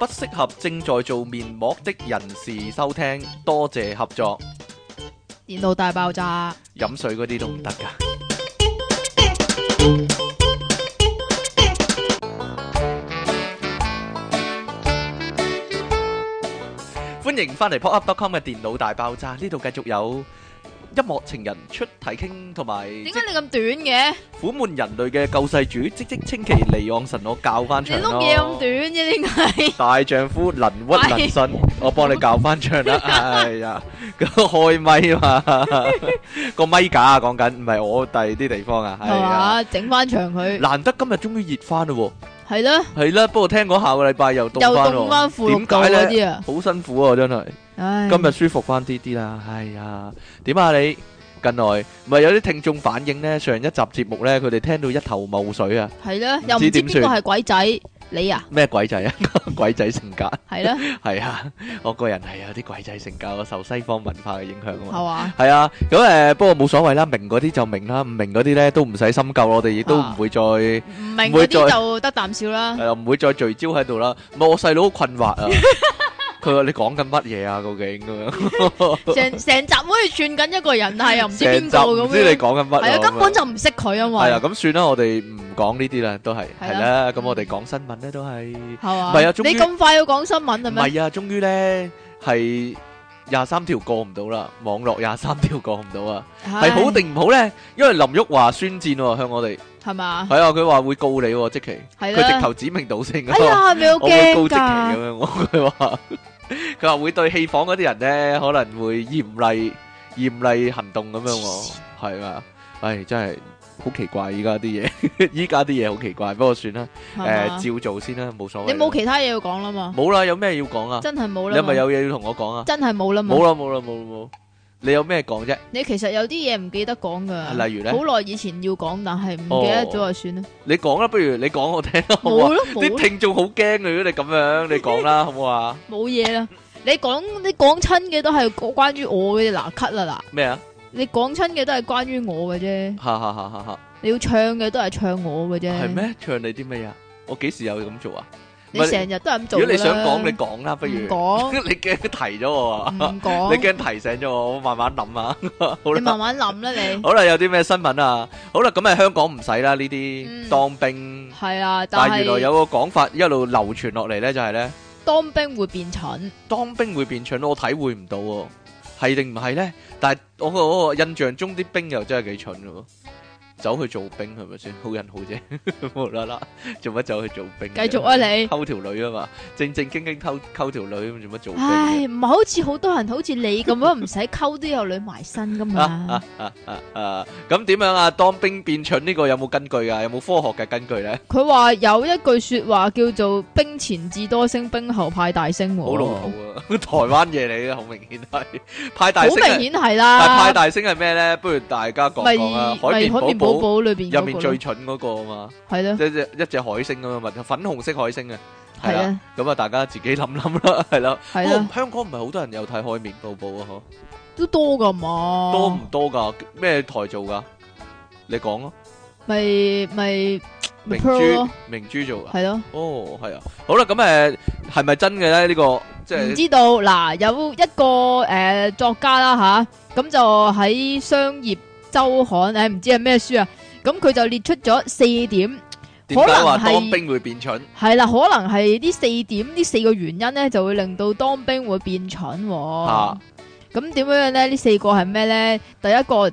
不適合正在做面膜的人士收聽，多謝合作。電腦大爆炸，飲水嗰啲都唔得㗎。歡迎翻嚟 popup.com 嘅電腦大爆炸，呢度繼續有。音樂情人出體 king 同埋，點解你咁短嘅？苦悶人類嘅救世主，即即積淇離岸神，我教翻場咯。你碌嘢咁短嘅，你大丈夫能屈能伸，我幫你教翻場啦。哎呀，個開咪啊嘛，個咪架啊，講緊唔係我第二啲地方啊，係嘛，整翻場佢。難得今日終於熱翻咯，係咯，係咯。不過聽講下個禮拜又凍翻，點解咧？好辛苦啊，真係。今日舒服翻啲啲啦，係啊，點啊你？近來咪有啲聽眾反映咧，上一集節目咧，佢哋聽到一頭霧水啊。係咧，又唔知邊個係鬼仔，你啊？咩鬼仔啊？鬼仔性格係咧，係啊，我個人係有啲鬼仔性格，受西方文化嘅影響啊。係啊，咁誒，不過冇所謂啦，明嗰啲就明啦，唔明嗰啲咧都唔使深究，我哋亦都唔會再唔明嗰啲就得啖笑啦。係啊，唔會再聚焦喺度啦。唔係我細佬好困惑啊。佢話你講緊乜嘢啊？究竟咁樣、啊，成 成 集好似串緊一個人，但係又唔知邊個咁樣。唔知你講緊乜？係啊，根本就唔識佢，啊嘛。係啊，咁算啦，算我哋唔講呢啲啦，都係係啦。咁、嗯、我哋講新聞咧，都係係啊，係啊嗎，你咁快要講新聞啊？咪呀？唔係啊，終於咧係。廿三條過唔到啦，網絡廿三條過唔到啊，係是好定唔好咧？因為林旭華宣戰、啊、向我哋，係嘛吧？係啊，佢話會告你、啊，積淇，佢的直頭指名道姓。哎呀，你好驚噶！告積淇咁樣，佢話佢話會對戲房嗰啲人咧，可能會嚴厲嚴厲行動咁樣、啊。我係啊。唉、哎，真係。好奇怪，依家啲嘢，依家啲嘢好奇怪，不過算啦，誒吧、呃，照做先啦，冇所謂。你冇其他嘢要講啦嘛？冇啦，有咩要講啊？真係冇啦。係咪有嘢要同我講啊？真係冇啦，冇啦，冇啦，冇啦，冇。你有咩講啫？你其實有啲嘢唔記得講噶，例如咧，好耐以前要講，但係唔記得咗，就算啦、哦哦。你講啦，不如你講我聽啦，好啊？啲聽眾好驚啊，如果你咁樣，你講啦，好唔好啊？冇嘢啦，你講你講親嘅都係關關於我嘅，嗱，cut 啦，嗱。咩啊？你講親嘅都係關於我嘅啫，吓吓吓吓吓！你要唱嘅都係唱我嘅啫，係咩？唱你啲咩啊？我幾時有咁做啊？你成日都係咁做噶。如果你想講，你講啦，不如講。你驚提咗我？唔講。你驚提醒咗我？我慢慢諗啊。你慢慢諗啦，你。好啦，有啲咩新聞啊？好啦，咁啊，香港唔使啦，呢啲當兵係啊，但係原來有個講法一路流傳落嚟咧，就係咧，當兵會變蠢。當兵會變蠢，我體會唔到。係定唔係咧？但係我個我，我印象中啲兵又真係幾蠢嘅喎。走去做兵係咪先好人好啫，無啦啦做乜走去做兵？繼續啊你溝條女啊嘛，正正經經溝溝條女咁做乜做？唉，唔係好似好多人好似你咁樣唔使溝都有女埋身噶嘛？啊啊啊啊啊！咁點樣啊？當兵變蠢呢個有冇根據啊？有冇科學嘅根據咧？佢話有一句說話叫做兵前智多星，兵後派大星。好老土啊！台灣嘢嚟嘅，好明顯係派大星。好明顯係啦。派大星係咩咧？不如大家講講啊！海綿寶寶。寶裏邊入面最蠢嗰個嘛，係咯，一隻一隻海星咁樣嘛，粉紅色海星啊，係啊，咁啊，大家自己諗諗啦，係啦。香港唔係好多人有睇《海綿寶寶》啊，嗬，都多噶嘛，多唔多噶咩台做噶你講咯，咪咪明珠，明珠做噶，係咯，哦，係啊，好啦，咁誒，係咪真嘅咧？呢個即係，唔知道。嗱，有一個誒作家啦吓，咁就喺商業。周刊，誒，唔知係咩書啊？咁佢就列出咗四點，可能係當兵會變蠢，係啦，可能係呢四點呢四個原因咧，就會令到當兵會變蠢。咁點樣咧？呢四個係咩咧？第一個，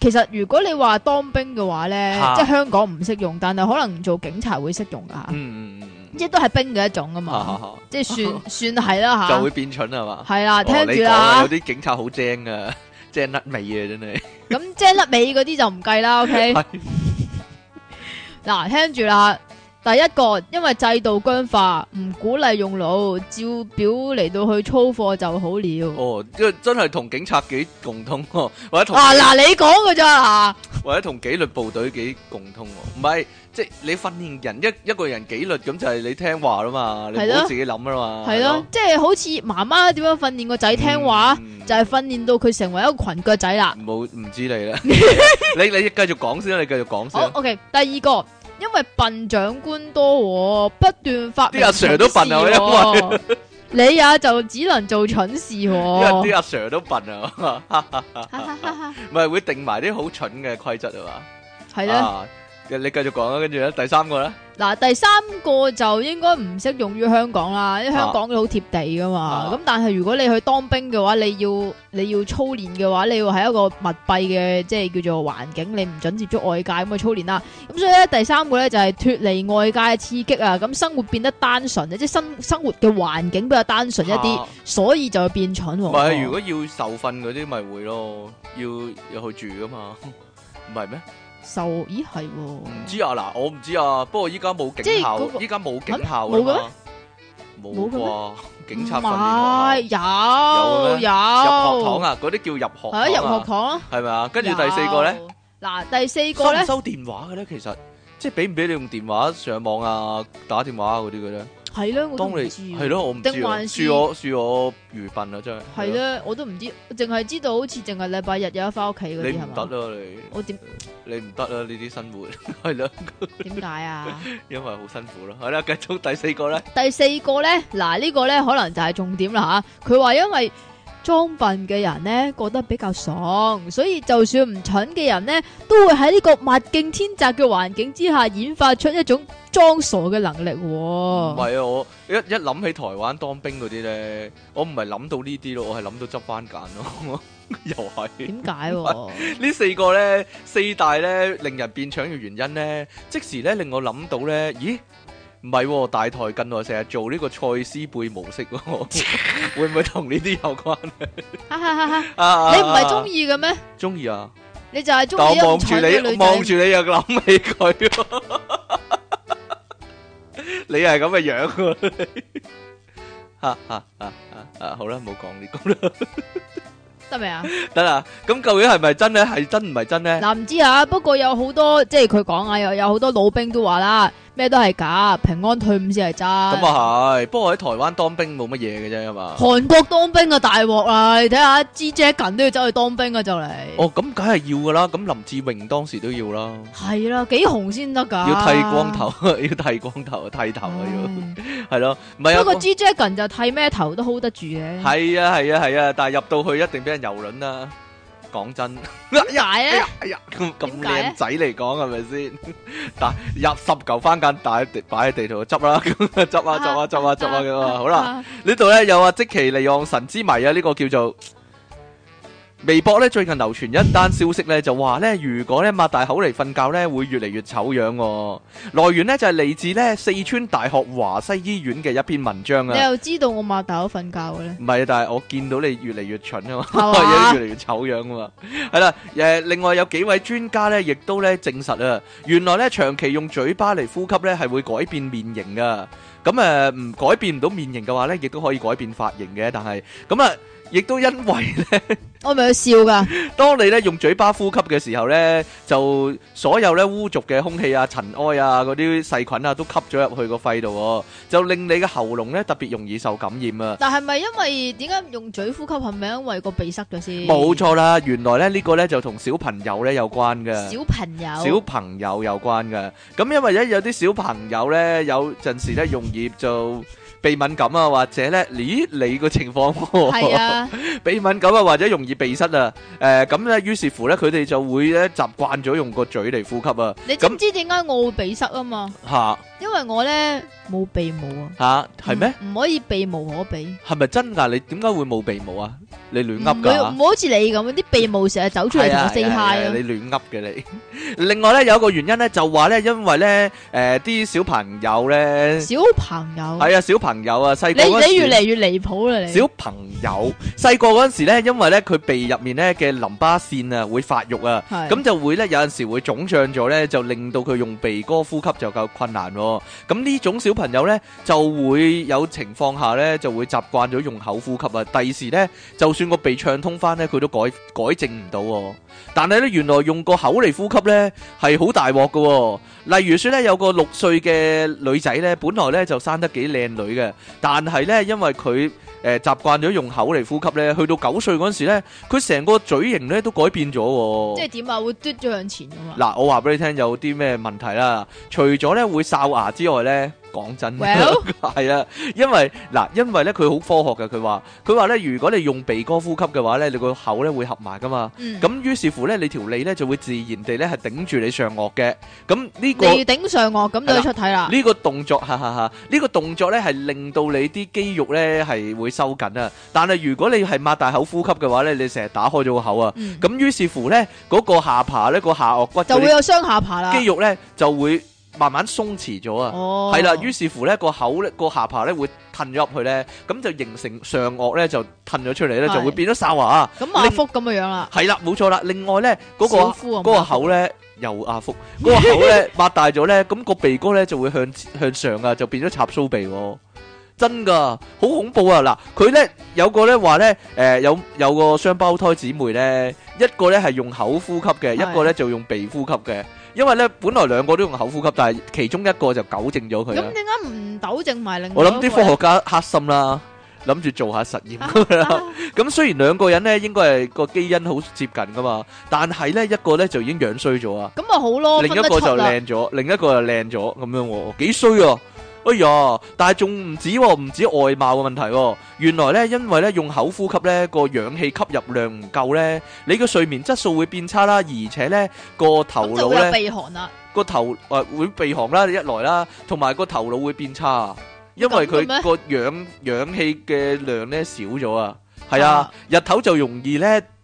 其實如果你話當兵嘅話咧，即係香港唔適用，但係可能做警察會適用噶吓。嗯，即都係兵嘅一種啊嘛，即係算算係啦吓。就會變蠢係嘛？係啦，聽住啦。有啲警察好精噶。即甩尾啊！真係咁，即甩尾嗰啲就唔計啦。OK，嗱，聽住啦。第一個，因為制度僵化，唔鼓勵用腦，照表嚟到去操課就好了。哦，即真係同警察幾共通，或者同啊嗱，你講嘅咋？或者同紀律部隊幾共通？唔係。即係你訓練人一一個人紀律咁就係你聽話啦嘛，你唔好自己諗啊嘛。係咯，即係好似媽媽點樣訓練個仔聽話，就係訓練到佢成為一個群腳仔啦。冇唔知你啦，你你繼續講先啦，你繼續講先。O K，第二個，因為笨長官多，不斷發啲阿 Sir 都笨啊，因為你也就只能做蠢事。因為啲阿 Sir 都笨啊，唔係會定埋啲好蠢嘅規則啊嘛？係啦。你繼續講啊，跟住咧，第三個咧，嗱，第三個就應該唔適用於香港啦，因為香港好貼地噶嘛。咁、啊、但係如果你去當兵嘅話，你要你要操練嘅話，你要喺一個密閉嘅即係叫做環境，你唔准接觸外界咁去操練啦。咁所以咧，第三個咧就係脫離外界嘅刺激啊，咁生活變得單純即係生生活嘅環境比較單純一啲，啊、所以就會變蠢。唔係，如果要受訓嗰啲咪會咯，要入去住噶嘛，唔係咩？受，咦，係喎？唔知啊，嗱，我唔知啊，不過依家冇警校，依家冇警校啊嘛？冇嘅咩？冇啩？警察訓練有有咩？有入學堂啊？嗰啲叫入學堂啊，係啊入學堂咯，係咪啊？跟住第四個咧，嗱，第四個咧收電話嘅咧，其實即係俾唔俾你用電話上網啊、打電話嗰啲嘅咧？係咯，我都唔知。係咯，我唔知。恕我恕我愚笨啊，真係。係咧，我都唔知，淨係知道好似淨係禮拜日有得翻屋企嗰啲係嘛。得啦，你我點？你唔得啦，呢啲生活。係啦。點解啊？ 因為好辛苦咯。係啦，繼續第四個咧。第四個咧，嗱呢個咧可能就係重點啦吓。佢話因為裝笨嘅人咧覺得比較爽，所以就算唔蠢嘅人咧都會喺呢個物競天擇嘅環境之下演化出一種。裝傻嘅能力喎，唔係啊！我一一諗起台灣當兵嗰啲咧，我唔係諗到呢啲咯，我係諗到執返揀咯，又係點解？呢四個咧，四大咧令人變長嘅原因咧，即時咧令我諗到咧，咦？唔係，大台近來成日做呢個蔡思貝模式，會唔會同呢啲有關咧？你唔係中意嘅咩？中意啊！你就係中意望住你，望住你又諗起佢。 你係咁嘅樣，樣、啊，吓吓吓吓吓，好啦，唔好講呢個啦，得未啊？得啦，咁究竟係咪真咧？係真唔係真咧？嗱，唔知啊，不過有好多即係佢講啊，有有好多老兵都話啦。咩都係假，平安退伍先係真。咁啊係，不過喺台灣當兵冇乜嘢嘅啫嘛。韓國當兵啊大鑊啊，你睇下 G Dragon 都要走去當兵啊就嚟。哦，咁梗係要噶啦，咁林志穎當時都要啦。係啦，幾紅先得噶。要剃光頭，要剃光頭，剃頭啊要，係咯的。 不過、啊、G Dragon 就剃咩頭都 hold 得住嘅。係啊係啊係啊，但係入到去一定俾人蹂躪啊。講真，哎呀，哎呀，咁咁靚仔嚟講係咪先？嗱，是不是 入十嚿番鹼，大地擺喺地圖度執啦，執啊執啊執啊執啊,啊，好啦，呢度咧有啊，積淇離岸神之謎啊，呢、呢個叫做。微博咧最近流傳一單消息咧，就話咧，如果咧擘大口嚟瞓覺咧，會越嚟越醜樣，哦。來源呢就係、是、嚟自咧四川大學華西醫院嘅一篇文章啊。你又知道我擘大口瞓覺嘅咧？唔係啊，但係我見到你越嚟越蠢啊嘛，吧 越嚟越醜樣啊嘛。係 啦，誒、呃，另外有幾位專家咧，亦都咧證實啊，原來咧長期用嘴巴嚟呼吸咧係會改變面型噶。咁誒、唔、呃，改變唔到面型嘅話咧，亦都可以改變髮型嘅。但係咁啊。亦都因為咧，我咪去笑噶。當你咧用嘴巴呼吸嘅時候咧，就所有咧污濁嘅空氣啊、塵埃啊、嗰啲細菌啊，都吸咗入去個肺度，就令你嘅喉嚨咧特別容易受感染啊！但係咪因為點解用嘴呼吸係咪因為個鼻塞咗先？冇錯啦，原來咧呢個咧就同小朋友咧有關噶。小朋友，小朋友有關噶。咁因為咧有啲小朋友咧，有陣時咧容易就。鼻敏感啊，或者咧，咦，你個情況？係啊，鼻敏感啊，或者容易鼻塞啊。誒，咁咧，於是乎咧，佢哋就會咧習慣咗用個嘴嚟呼吸啊。你知唔知點解我會鼻塞啊嘛？吓，因為我咧冇鼻毛啊。吓，係咩？唔可以鼻毛可比。係咪真噶？你點解會冇鼻毛啊？你亂噏噶？唔好唔好，好似你咁，啲鼻毛成日走出嚟同我 say hi 咯。你亂噏嘅你。另外咧，有一個原因咧，就話咧，因為咧，誒，啲小朋友咧，小朋友，係啊，小朋。朋友啊，細個你,你越嚟越離譜啦！小朋友細個嗰陣時咧，因為咧佢鼻入面咧嘅淋巴腺啊會發育啊，咁是就會呢，有陣時會腫脹咗呢，就令到佢用鼻哥呼吸就夠困難啊。咁呢種小朋友呢，就會有情況下呢，就會習慣咗用口呼吸啊。第時呢，就算個鼻暢通翻呢，佢都改改正唔到啊。但係呢，原來用個口嚟呼吸呢，係好大鑊噶。例如說呢，有個六歲嘅女仔呢，本來呢就生得幾靚女嘅。但係咧，因為佢誒習慣咗用口嚟呼吸咧，去到九歲嗰時咧，佢成個嘴型咧都改變咗。即係點啊？會嘟咗向前啊嘛！嗱，我話俾你聽有啲咩問題啦。除咗咧會哨牙之外咧。講真，係啊 Well, 因為嗱，因為咧佢好科學嘅，佢話佢話咧，如果你用鼻哥呼吸嘅話咧，你個口咧會合埋噶嘛，咁於、嗯、是乎咧，你條脷咧就會自然地咧係頂住你上顎嘅，咁呢、這個脷頂上顎，咁都要出體啦。呢、這個動作，哈哈哈，呢、這個動作咧係令到你啲肌肉咧係會收緊啊，但係如果你係擘大口呼吸嘅話咧，你成日打開咗個口啊，咁於、嗯、是乎咧嗰個下巴，咧、那個下顎骨就會有雙下巴啦，肌肉咧就會。慢慢鬆弛咗啊，係啦，於是乎咧個口咧個下巴咧會褪咗入去咧，咁就形成上顎咧就褪咗出嚟咧，就會變咗哨牙啊，咁阿福咁嘅樣啦，係啦，冇錯啦。另外咧嗰個嗰個口咧又阿福，嗰個口咧擘大咗咧，咁個鼻哥咧就會向向上啊，就變咗插鬚鼻，真噶，好恐怖啊！嗱，佢咧有個咧話咧，誒有有個雙胞胎姊妹咧，一個咧係用口呼吸嘅，一個咧就用鼻呼吸嘅。因為咧，本來兩個都用口呼吸，但係其中一個就糾正咗佢。咁點解唔糾正埋另一個？我諗啲科學家黑心啦，諗住做下實驗啦。咁、 嗯、雖然兩個人咧，應該係個基因好接近噶嘛，但係咧一個咧就已經樣衰咗啊。咁咪好咯，另一個就靚咗，另一個又靚咗，咁樣幾衰啊！哎呀！但係仲唔止喎，唔止外貌嘅問題喎。原來咧，因為咧用口呼吸咧個氧氣吸入量唔夠咧，你嘅睡眠質素會變差啦。而且咧個頭腦咧個頭誒會鼻鼾啦，一來啦，同埋個頭腦會變差，因為佢個氧氧氣嘅量咧少咗啊。係啊，日頭就容易咧。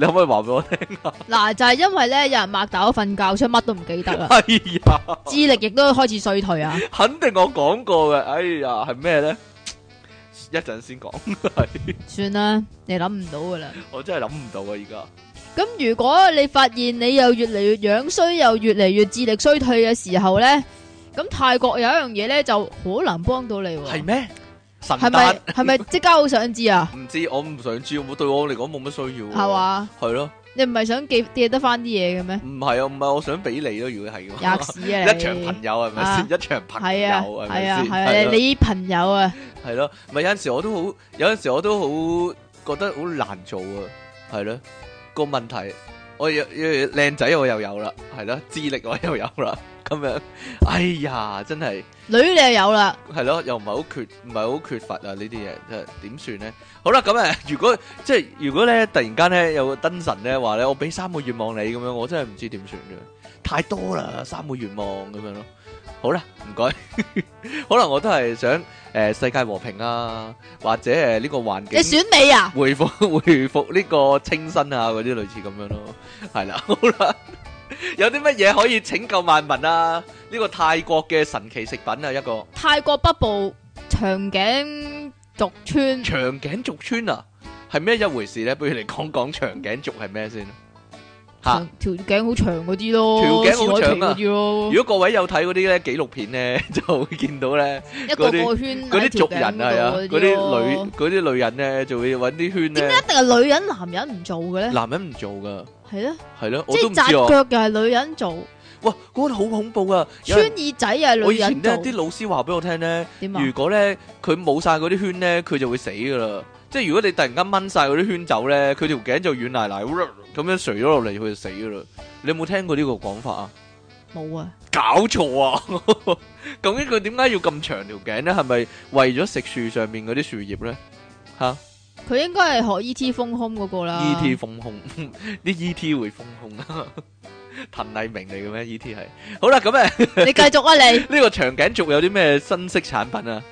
你可唔可以話俾我聽啊？嗱，就係因為咧，有人擘大瞓覺，出乜都唔記得啊！係啊，智力亦都開始衰退啊！肯定我講過嘅，哎呀，係咩咧？一陣先講，係算啦，你諗唔到噶啦。我真係諗唔到啊！而家咁，如果你發現你又越嚟越樣衰，又越嚟越智力衰退嘅時候咧，咁泰國有一樣嘢咧，就好難幫到你。係咩？係咪係咪即刻好想知啊？唔知我唔想知，對我嚟講冇乜需要。係啊！係咯。你唔係想記記得翻啲嘢嘅咩？唔係啊，唔係我想俾你咯。如果係，吔屎啊，一場朋友係咪先？一場朋友係咪先？你朋友啊。係咯，咪有陣時我都好，有陣時我都好覺得好難做啊。係咯，個問題。我又靚仔，我又有啦，係咯，智力我又有啦，咁樣，哎呀，真係女你又有啦，係咯，又唔係好缺，唔係好缺乏啊呢啲嘢，點算咧？好啦，咁啊，如果即係如果咧，突然間咧有個燈神咧話咧，我俾三個願望你，咁樣我真係唔知點算嘅，太多啦，三個願望咁樣咯。好啦，唔該， 可能我都係想誒、呃、世界和平啊，或者誒呢、呃呢個環境。你選美啊？回復回復呢、呢個清新啊，嗰啲類似咁樣咯。係啦，好啦， 有啲乜嘢可以拯救萬民啊？呢、呢個泰國嘅神奇食品啊，一個。泰國北部長頸族村。長頸族村啊，係咩一回事咧？不如你講講長頸族係咩先？吓，條頸好長嗰啲咯，條頸好長嗰啲咯。如果各位有睇嗰啲咧紀錄片咧，就會見到咧一個個圈嗰啲族人啊，嗰啲女嗰啲女人咧就會搵啲圈。點解一定係女人，男人唔做嘅咧？男人唔做噶係咯，係咯，即係紮腳又係女人做。哇，嗰啲好恐怖噶！穿耳仔又係女人。我以前咧啲老師話俾我聽咧，如果咧佢冇晒嗰啲圈咧，佢就會死噶啦。即係如果你突然間掹晒嗰啲圈走咧，佢條頸就軟奶奶咁樣垂咗落嚟，佢就死噶啦。你有冇聽過呢個講法啊？冇啊！搞錯錯啊！ 究竟佢點解要咁長條頸咧？係咪為咗食樹上面嗰啲樹葉咧？吓、啊！佢應該係學 E.T. 封胸嗰個啦。 E.T. 封胸，啲 E.T. 會封胸啊！陳麗明嚟嘅咩？E.T. 係好啦，咁啊，你繼續啊， 你呢個長頸族有啲咩新式產品啊？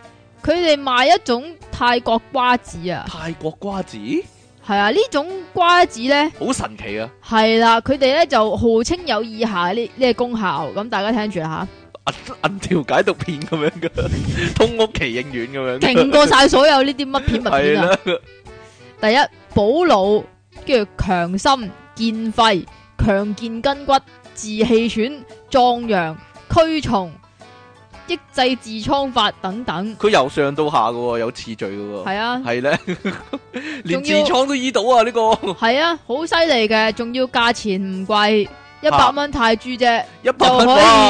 佢哋賣一種泰國瓜子啊！泰國瓜子係啊，呢種瓜子咧好神奇啊！係啦，佢哋咧就號稱有以下呢呢個功效，咁大家聽住啦吓。銀銀條解毒片咁樣噶，通屋奇應院咁樣，勁過晒所有呢啲乜片物片啊！第一，補腦，跟住強心、健肺、強健筋骨、治氣喘、壯陽、驅蟲。抑制痔瘡法等等，佢由上到下嘅，有次序嘅。係啊，係咧是呢， 連痔瘡都醫到啊！呢、呢個係啊，好犀利嘅，仲要價錢唔貴，一百蚊泰銖啫，啊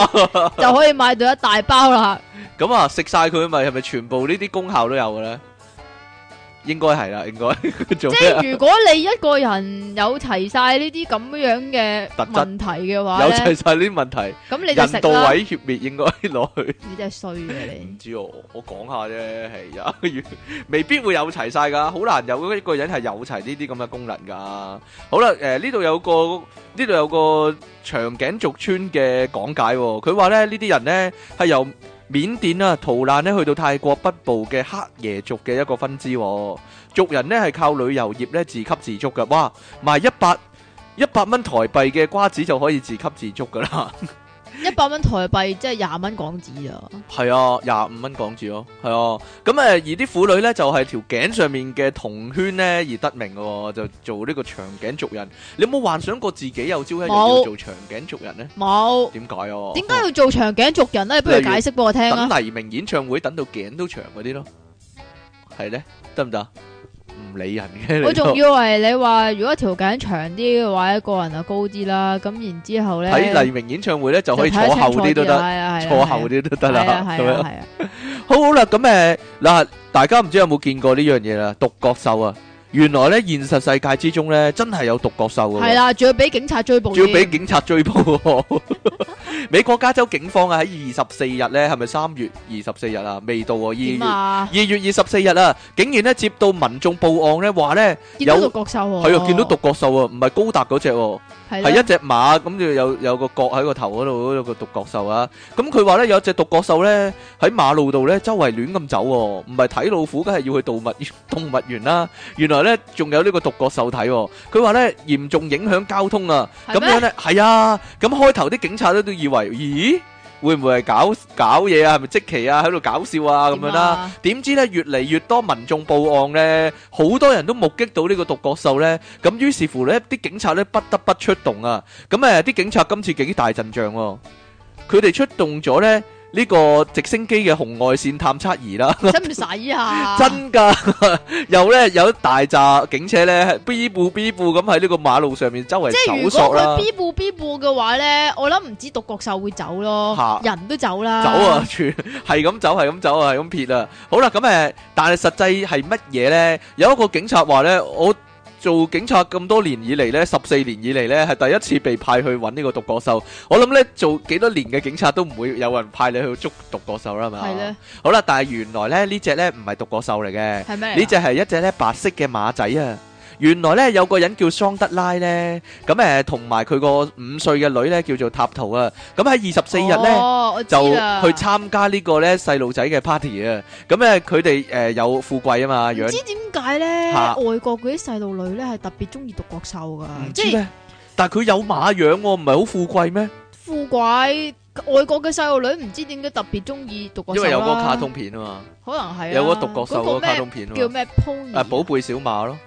啊、就可以就可以買到一大包啦。咁 啊，食晒佢咪係咪全部呢啲功效都有嘅咧？應該係啦，應該 做咩？即係如果你一個人有齊晒呢啲咁樣嘅問題嘅話，有齊晒呢啲問題，咁你就人道毀滅應該落去？你真係衰嘅你。唔知我我講下啫，係啊， 未必會有齊晒噶，好難有一個人係有齊呢啲咁嘅功能噶。好啦，誒、呃，呢度有個呢度有個長頸族村嘅講解、哦，佢話咧呢啲人咧係由。緬甸啊，逃難咧去到泰國北部嘅黑耶族嘅一個分支，啊，族人呢係靠旅遊業咧自給自足噶，哇，賣一百一百蚊台幣嘅瓜子就可以自給自足噶啦。 一百蚊台幣即係廿蚊港紙 啊！係啊，廿五蚊港紙咯，係啊。咁誒，而啲婦女咧就係、是、條頸上面嘅銅圈咧而得名嘅，就做呢個長頸族人。你有冇幻想過自己有朝一日要做長頸族人咧？冇。點解？哦、啊，點解要做長頸族人咧？哦、不如解釋俾我聽啦。黎明演唱會等到頸都長嗰啲咯，係咧，得唔得？行唔理人嘅，我仲以為你話如果條頸長啲嘅話，一個人就高啲啦。咁然之後咧，喺黎明演唱會咧就可以坐後啲都得，坐後啲都得啦。咁樣係啊，好好啦。咁誒嗱，大家唔知有冇見過呢樣嘢啦，獨角獸啊！原來咧現實世界之中咧真係有獨角獸嘅，係啦，仲要俾警察追捕，仲要俾警察追捕。美國加州警方啊喺二十四日咧，係咪三月二十四日啊？未到啊，二月二月二十四日啊，竟然咧接到民眾報案咧，話咧有獨角獸，係啊，見到獨角獸啊，唔係高達嗰隻。係一隻馬咁就、嗯、有有個角喺個頭嗰度，有個獨角獸啊！咁佢話咧有隻獨角獸咧喺馬路度咧周圍亂咁走喎、啊，唔係睇老虎，梗係要去動物動物園啦、啊。原來咧仲有呢個獨角獸睇喎、啊，佢話咧嚴重影響交通啊！咁嗎樣咧係啊，咁開頭啲警察咧都以為咦？會唔會係搞搞嘢啊？係咪積淇啊？喺度搞笑啊？咁樣啦。點知咧越嚟越多民眾報案咧，好多人都目擊到呢個獨角獸咧。咁於是乎咧，啲警察咧不得不出動啊。咁誒，啲警察今次幾大陣仗，佢哋出動咗咧。呢個直升機嘅紅外線探測儀啦，使唔使啊？ 真噶的，又 咧有，有大紮警車咧，B 步 B 步咁喺呢個馬路上面周圍搜索啦。即係如果佢 B 步 B 步嘅話咧，我諗唔止獨角獸會走咯，下人都走啦。走啊，全係咁 走，係咁走，走啊，係咁撇啊。好啦，咁誒，但係實際係乜嘢咧？有一個警察話咧，我。做警察咁多年以嚟咧，十四年以嚟咧，係第一次被派去揾呢個獨角獸。我諗咧，做幾多年嘅警察都唔會有人派你去捉獨角獸啦嘛。係是的 好啦，但係原來咧呢隻呢唔係獨角獸嚟嘅，呢隻係一隻咧白色嘅馬仔啊。原來咧有個人叫桑德拉咧，咁誒同埋佢個五歲嘅女咧叫做塔圖啊，咁喺二十四日咧就去參加呢個咧細路仔嘅 party 啊，咁誒佢哋誒有富貴啊嘛，唔知點解咧外國嗰啲細路女咧係特別中意獨角獸噶，即係，但係佢有馬樣喎，唔係好富貴咩？富貴，外國嘅細路女唔知點解特別中意獨角獸咯，因為有個卡通片啊嘛，可能係有嗰獨角獸個卡通片咯，叫咩？Pony 啊，寶貝小馬咯。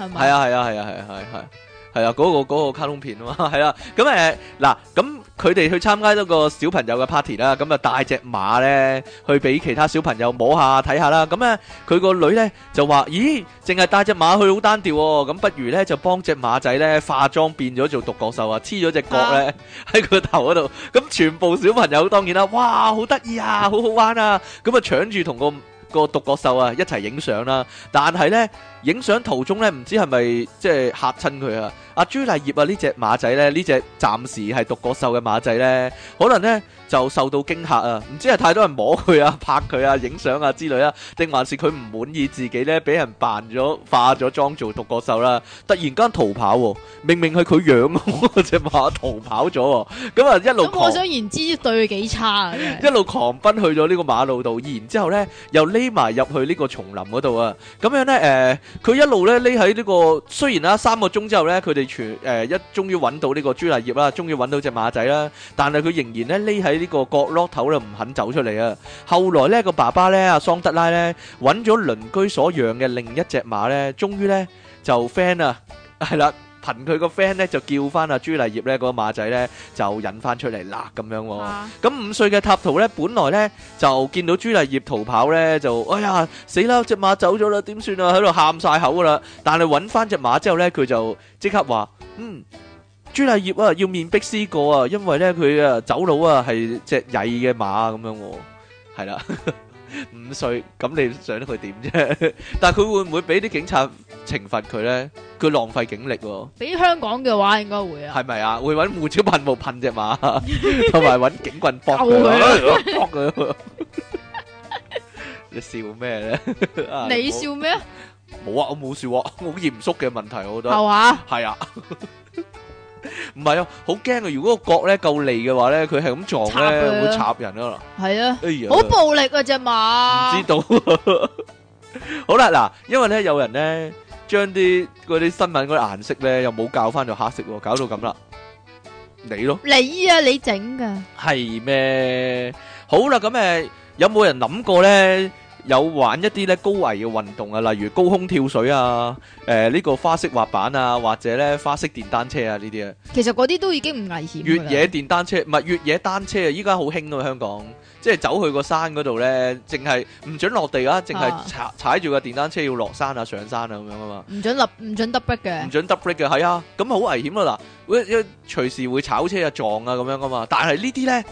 係、 嗯、啊係啊係啊係係係係啊嗰個個卡通片啊嘛係啊咁誒嗱咁佢哋去參加咗個小朋友嘅 party 啦咁啊帶隻馬咧去俾其他小朋友摸,摸下睇下啦咁啊佢個女咧就話咦淨係帶隻馬去好單調喎咁不如咧就幫隻馬仔咧化妝變咗做獨角獸啊黐咗隻角咧喺佢個頭嗰度咁全部小朋友當然啦哇好得意啊好好玩啊咁啊搶住同個。個獨角獸啊，一齊影相啦！但係咧，影相途中咧，唔知係咪即係嚇親佢啊？阿、啊、朱麗葉啊，呢隻馬仔咧，呢隻暫時係獨角獸嘅馬仔咧，可能咧就受到驚吓啊，唔知係太多人摸佢啊、拍佢啊、影相啊之類啊，定還是佢唔滿意自己咧俾人扮咗、化咗妝做獨角獸啦，突然間逃跑、哦，明明係佢養嗰隻馬逃跑咗，咁啊一路咁、嗯、我想言之對佢幾差啊，都 一路狂奔去咗呢個馬路度，然之後咧又匿埋入去個松呢個叢林嗰度啊，咁樣咧誒，佢一路咧匿喺呢個，雖然啦三,三個鐘之後咧佢哋。誒一終於揾到呢個朱麗葉啦，終於揾到隻馬仔啦，但係佢仍然咧匿喺呢個角落頭啦，唔肯走出嚟啊！後來咧個爸爸咧阿桑德拉咧揾咗鄰居所養嘅另一隻馬咧，終於咧就 friend 啊，係啦。憑佢個 friend 咧就叫翻阿朱麗葉咧嗰馬仔咧就引翻出嚟啦咁樣，哦，咁、啊、五歲嘅塔圖咧本來咧就見到朱麗葉逃跑咧就哎呀死啦隻馬走咗啦點算啊，喺度喊晒口啦，但係揾翻隻馬之後咧佢就即刻話嗯，朱麗葉啊要面壁思過啊，因為咧佢啊走佬啊係隻矮嘅馬咁樣喎係啦。 五歲咁你想得佢點啫？但係佢會唔會俾啲警察懲罰佢咧？佢浪費警力喎。俾香港嘅話應該會啊。係咪啊？會揾胡椒噴霧噴啫嘛，同埋揾警棍搏佢搏佢。你笑咩咧？你笑咩？冇啊，我冇笑啊，好嚴肅嘅問題，我覺得係嘛？係啊。唔係啊，好驚啊！如果個角咧夠利嘅話咧，佢係咁撞咧，會插人啊！嗱，係啊，哎呀，好暴力啊隻馬！唔知道。好啦，嗱，因為咧有人咧將啲嗰啲新聞嗰啲顏色咧又冇教翻就黑色，搞到咁啦。你咯，你啊，你整噶。係咩？好啦，咁誒，有冇人諗過咧？有玩一啲咧高危嘅運動啊，例如高空跳水啊，誒、呃、呢、這個花式滑板啊，或者咧花式電單車啊呢啲啊。其實嗰啲都已經唔危險。越野電單車唔係越野單車啊，依家好興啊。香港，即係走去個山嗰度咧，淨係唔准落地啊，淨係、啊、踩踩住個電單車要落山啊、上山啊咁樣啊嘛。唔准立，唔準 d 嘅。唔准 d 嘅，係啊，咁好危險啊嗱，會一隨時會炒車啊撞啊咁樣啊嘛。但係呢啲咧。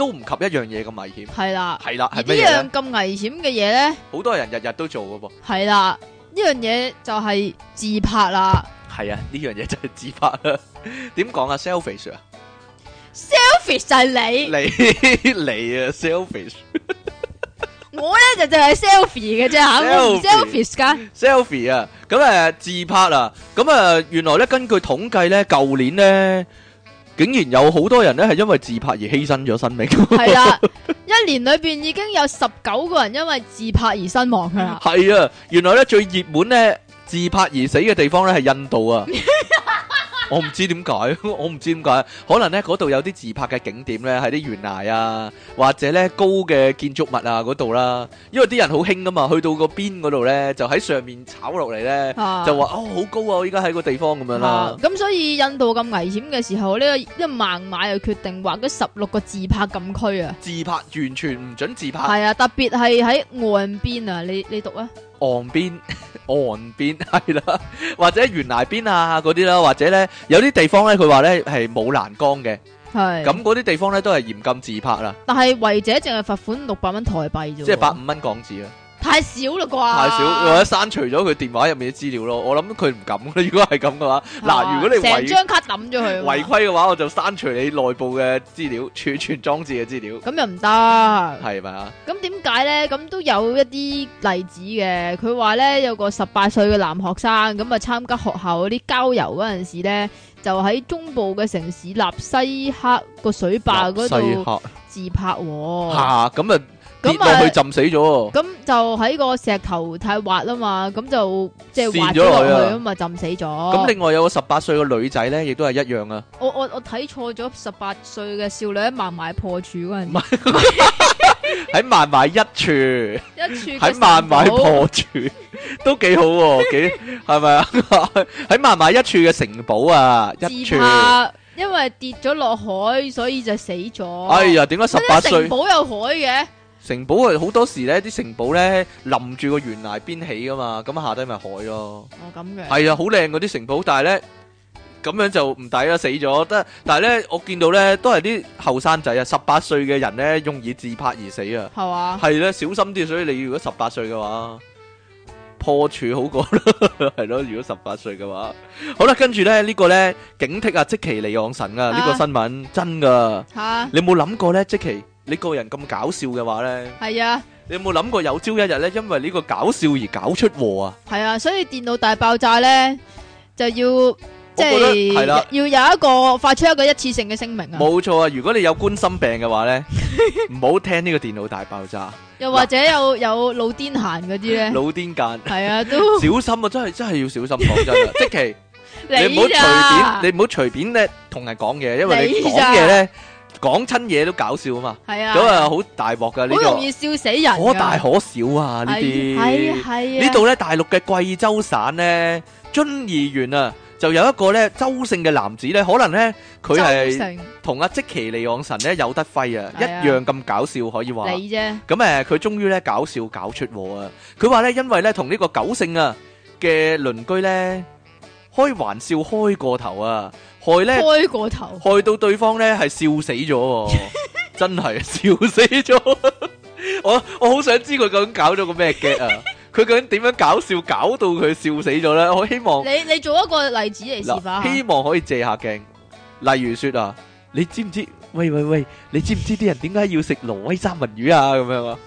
都唔及一樣嘢咁危險，係啦，係啦，係咩咧？呢樣咁危險嘅嘢咧，好多人日日都做噶噃。係啦，呢樣嘢就係自拍啦。係啊，呢樣嘢就係自拍啦。點講啊？selfish 啊？selfish 係你，你你啊？selfish。我咧就就係 selfie 嘅啫吓，我唔 selfish 噶。selfie 啊，咁啊自拍啊，咁啊原來咧根據統計咧，舊年咧。竟然有好多人咧，係因為自拍而犧牲咗生命的。係啦，一年裏邊已經有十九個人因為自拍而身亡啦。係啊，原來咧最熱門咧自拍而死嘅地方咧係印度啊。 我唔知點解，我唔知點解，可能咧嗰度有啲自拍嘅景點咧，喺啲懸崖啊，或者咧高嘅建築物啊嗰度啦，因為啲人好興噶嘛，去到個邊嗰度咧就喺上面炒落嚟咧，啊、就話哦好高啊，我依家喺個地方咁樣啦、啊啊。咁所以印度咁危險嘅時候，呢、呢個一盲孟買又決定劃咗十六個自拍禁區啊！自拍完全唔准自拍，係啊，特別係喺岸邊啊，你你讀啊岸邊。岸邊係啦，或者懸崖邊啊嗰啲啦，或者咧有啲地方咧，佢話咧係冇欄杆嘅，係，咁嗰啲地方咧都係嚴禁自拍啦。但係違者淨係罰款六百蚊台幣啫，即係百五蚊港紙啊。太少啦啩！太少，或者刪除咗佢電話入面嘅資料咯。我諗佢唔敢咯。如果係咁嘅話，嗱、啊，如果你成張卡抌咗佢，違規嘅話，我就刪除你內部嘅資料，儲存裝置嘅資料。咁又唔得，係咪？咁點解呢？咁都有一啲例子嘅。佢話呢，有個十八歲嘅男學生咁啊，參加學校嗰啲郊遊嗰陣時咧，就喺中部嘅城市納西克個水壩嗰度自拍喎。嚇！咁啊～跌落佢浸死咗，咁、嗯嗯嗯、就喺個石頭太滑啦嘛，咁、嗯、就即係滑咗落去啊嘛，浸死咗。咁、嗯、另外有個十八歲嘅女仔咧，亦都係一樣啊。我我我睇錯咗，十八歲嘅少女喺漫埋破處嗰陣，喺漫埋一處，一處喺漫埋破處都幾好，幾係咪啊？喺漫埋一處嘅城堡啊，一處，因為跌咗落海，所以就死咗。哎呀，點解十八歲城堡有海嘅？城堡啊，好多時咧，啲城堡咧，臨住個懸崖邊起噶嘛，咁下底咪海咯。哦，咁嘅。係啊，好靚嗰啲城堡，但係咧，咁樣就唔抵啦，死咗得。但係咧，我見到咧，都係啲後生仔啊，十八歲嘅人咧，用以自拍而死啊。係嘛？係咧，小心啲，所以你如果十八歲嘅話，破處好過咯，係咯。如果十八歲嘅話，好啦，跟住咧呢個咧，警惕啊，積淇離岸神啊，呢個新聞真噶。吓，你冇諗過咧，積淇？你個人咁搞笑嘅話咧，係啊，你有冇諗過有朝一日咧，因為呢個搞笑而搞出禍啊？係啊，所以電腦大爆炸咧就要即係，係啦，要有一個發出一個一次性嘅聲明啊！冇錯啊！如果你有冠心病嘅話咧，唔好聽呢個電腦大爆炸。又或者有有腦癲癇嗰啲咧，腦癲癇，係啊，都小心啊！真係真係要小心，講真啊！即其你唔好隨便，你唔好隨便咧同人講嘢，因為你講嘢咧。講親嘢都搞笑啊嘛，咁啊好大鑊噶呢個，好容易笑死人，可大可小啊呢啲，係啊係啊，呢度咧大陸嘅貴州省咧遵義縣啊，就有一個咧周姓嘅男子咧，可能咧佢係同阿積淇離岸神咧有得揮啊，一樣咁搞笑可以話，你啫，咁誒佢終於咧搞笑搞出禍啊，佢話咧因為咧同呢個狗姓啊嘅鄰居咧。開玩笑開過頭啊，害咧開過頭，害到對方咧係笑死咗，真係笑死咗。我我好想知佢究竟搞咗個咩 game 啊，佢究竟點樣搞笑搞到佢笑死咗咧？我希望你你做一個例子嚟示範，希望可以借下鏡。例如說啊，你知唔知？喂喂喂，你知唔知啲人點解要食挪威三文魚啊？咁樣啊？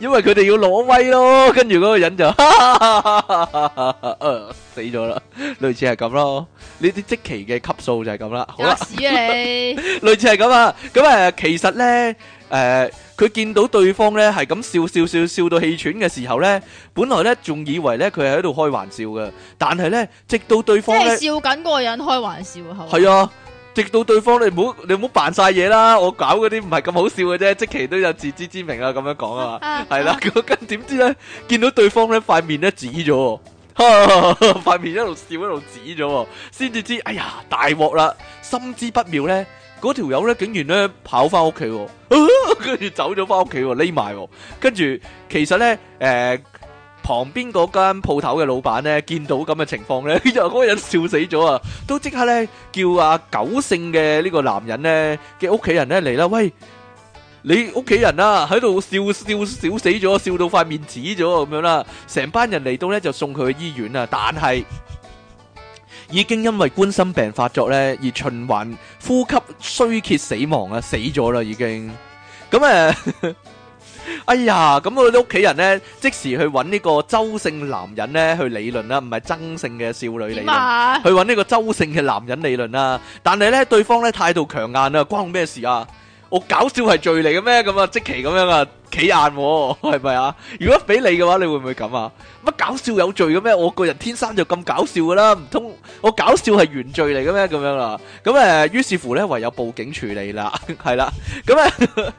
因為佢哋要攞威咯，跟住嗰個人就，哈哈，哈，哈，哈，哈哈，呃、死咗啦，類似係咁咯，呢啲即期嘅級數就係咁啦，好屎啊你， 類似係咁啊，咁、嗯、誒，其實咧，誒、呃，佢見到對方咧係咁笑笑笑笑，笑到氣喘嘅時候咧，本來咧仲以為咧佢係喺度開玩笑嘅，但係咧直到對方，即係笑緊嗰個人開玩笑係係啊。直到對方，你唔好你唔好扮晒嘢啦，我搞嗰啲唔係咁好笑嘅啫，即其都有自知之明啊，咁樣講啊，係啦， 咁跟點知咧見到對方咧塊面咧紫咗，塊面一路笑一路紫咗，先至知哎呀，大鑊啦，心知不妙咧，嗰條友咧竟然咧跑翻屋企，跟、啊、住走咗翻屋企匿埋，跟住其實咧誒。呃旁邊嗰間鋪頭嘅老闆咧，見到咁嘅情況咧，就嗰人笑死咗啊！都即刻咧叫阿九姓嘅呢個男人咧嘅屋企人咧嚟啦。喂，你屋企人啊喺度笑笑笑死咗，笑到塊面紫咗咁樣啦，成班人嚟到咧就送佢去醫院啊，但係已經因為冠心病發作咧而循環呼吸衰竭死亡啊，死咗啦已經，咁啊。 哎呀，咁我啲屋企人咧即時去揾呢個周姓男人咧去理論啦，唔係曾姓嘅少女理論，啊、去揾呢個周姓嘅男人理論啦、啊。但係咧，對方咧態度強硬啊，關我咩事啊？我搞笑係罪嚟嘅咩？咁啊，即其咁樣啊。企硬喎、喔，係咪啊？如果俾你嘅話，你會唔會咁啊？乜搞笑有罪嘅咩？我個人天生就咁搞笑㗎啦，唔通我搞笑係原罪嚟嘅咩？咁樣啊？咁誒，於是乎咧，唯有報警處理 啦，係、嗯、啦。咁 啊，係、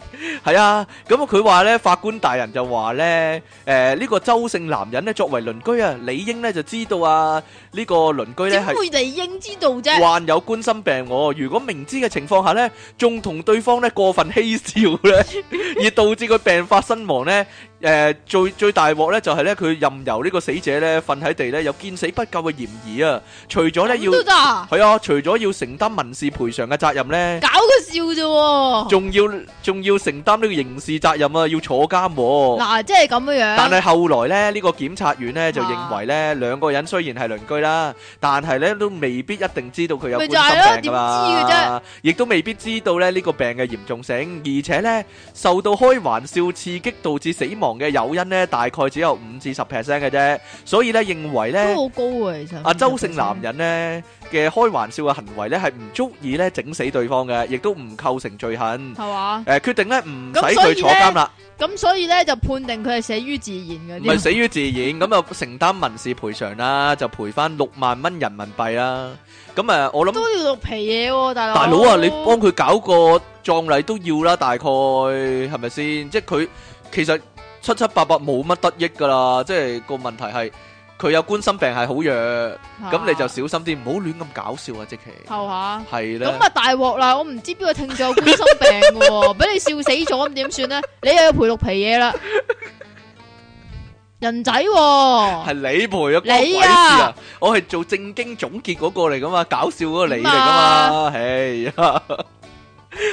嗯、啊。咁啊，佢話咧，法官大人就話咧，誒、呃、呢、這個周姓男人咧，作為鄰居啊，理應咧就知道啊，這個、鄰呢個鄰居咧係。點會理應知道啫？患有冠心病我，如果明知嘅情況下咧，仲同對方咧過分嬉笑咧，而導致佢病。病發身亡呢？誒，最最大鑊咧，就係咧，佢任由呢個死者咧瞓喺地咧，有見死不救嘅嫌疑啊！除咗咧要係啊，除咗要承擔民事賠償嘅責任咧，搞個笑啫，仲要仲要承擔呢個刑事責任啊，要坐監。嗱，即係咁樣。但係後來咧，呢個檢察院咧就認為咧，兩個人雖然係鄰居啦，但係咧都未必一定知道佢有冠心病噶嘛，亦都未必知道咧呢個病嘅嚴重性，而且咧受到開玩笑刺激導致死亡。嘅誘因咧，大概只有五至十 percent 嘅啫，所以咧認為咧都好高嘅。其實阿周姓男人咧嘅開玩笑嘅行為咧，係唔足以咧整死對方嘅，亦都唔構成罪行，係嘛？誒，決定咧唔使佢坐監啦。咁所以咧就判定佢係死於自然嘅。唔係死於自然，咁就承擔民事賠償啦，就賠翻六萬蚊人民幣啦。咁啊，我諗都要六皮嘢喎大佬。大佬啊，你幫佢搞個葬禮都要啦，大概係咪先？即係佢其實。七七八八冇乜得益噶啦，即係個問題係佢有冠心病係好弱，咁你就小心啲，唔好亂咁搞笑啊！即期扣下，係啦，咁啊大鑊啦！我唔知邊個聽咗有冠心病噶，俾你笑死咗咁點算咧？你又要賠六皮嘢啦，人仔，係你賠啊？你啊，我係做正經總結嗰個嚟噶嘛？搞笑嗰個你嚟噶嘛？哎呀，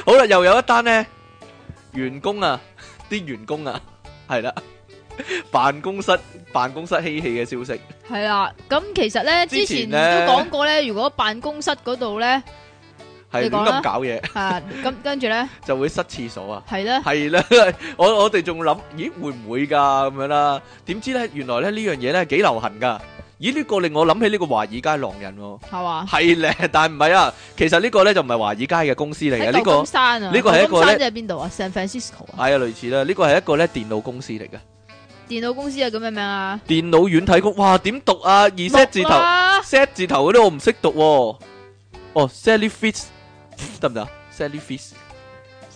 好啦，又有一單呢，員工啊，啲員工啊。係啦，辦公室辦公室嬉戲嘅消息。係啦，咁其實咧，之前都講過咧，如果辦公室嗰度咧係咁搞嘢。吓，咁跟住咧就會塞廁所啊。係啦，係啦，我我哋仲諗，咦會唔會噶咁樣啦？點知咧，原來咧呢樣嘢咧幾流行噶。咦？呢個令我諗起呢個華爾街狼人喎，係咪？係咧，但係唔係啊？其實呢個咧就唔係華爾街嘅公司嚟嘅，呢個金山啊，呢個係一個咧。金山喺邊度啊？San Francisco 啊？係啊，類似啦。呢個係一個咧電腦公司嚟嘅。電腦公司啊，叫咩名啊？電腦軟體公，哇，點讀啊？以 set 字頭，set 字頭嗰啲我唔識讀喎。哦，Sellyfish 得唔得？Sellyfish，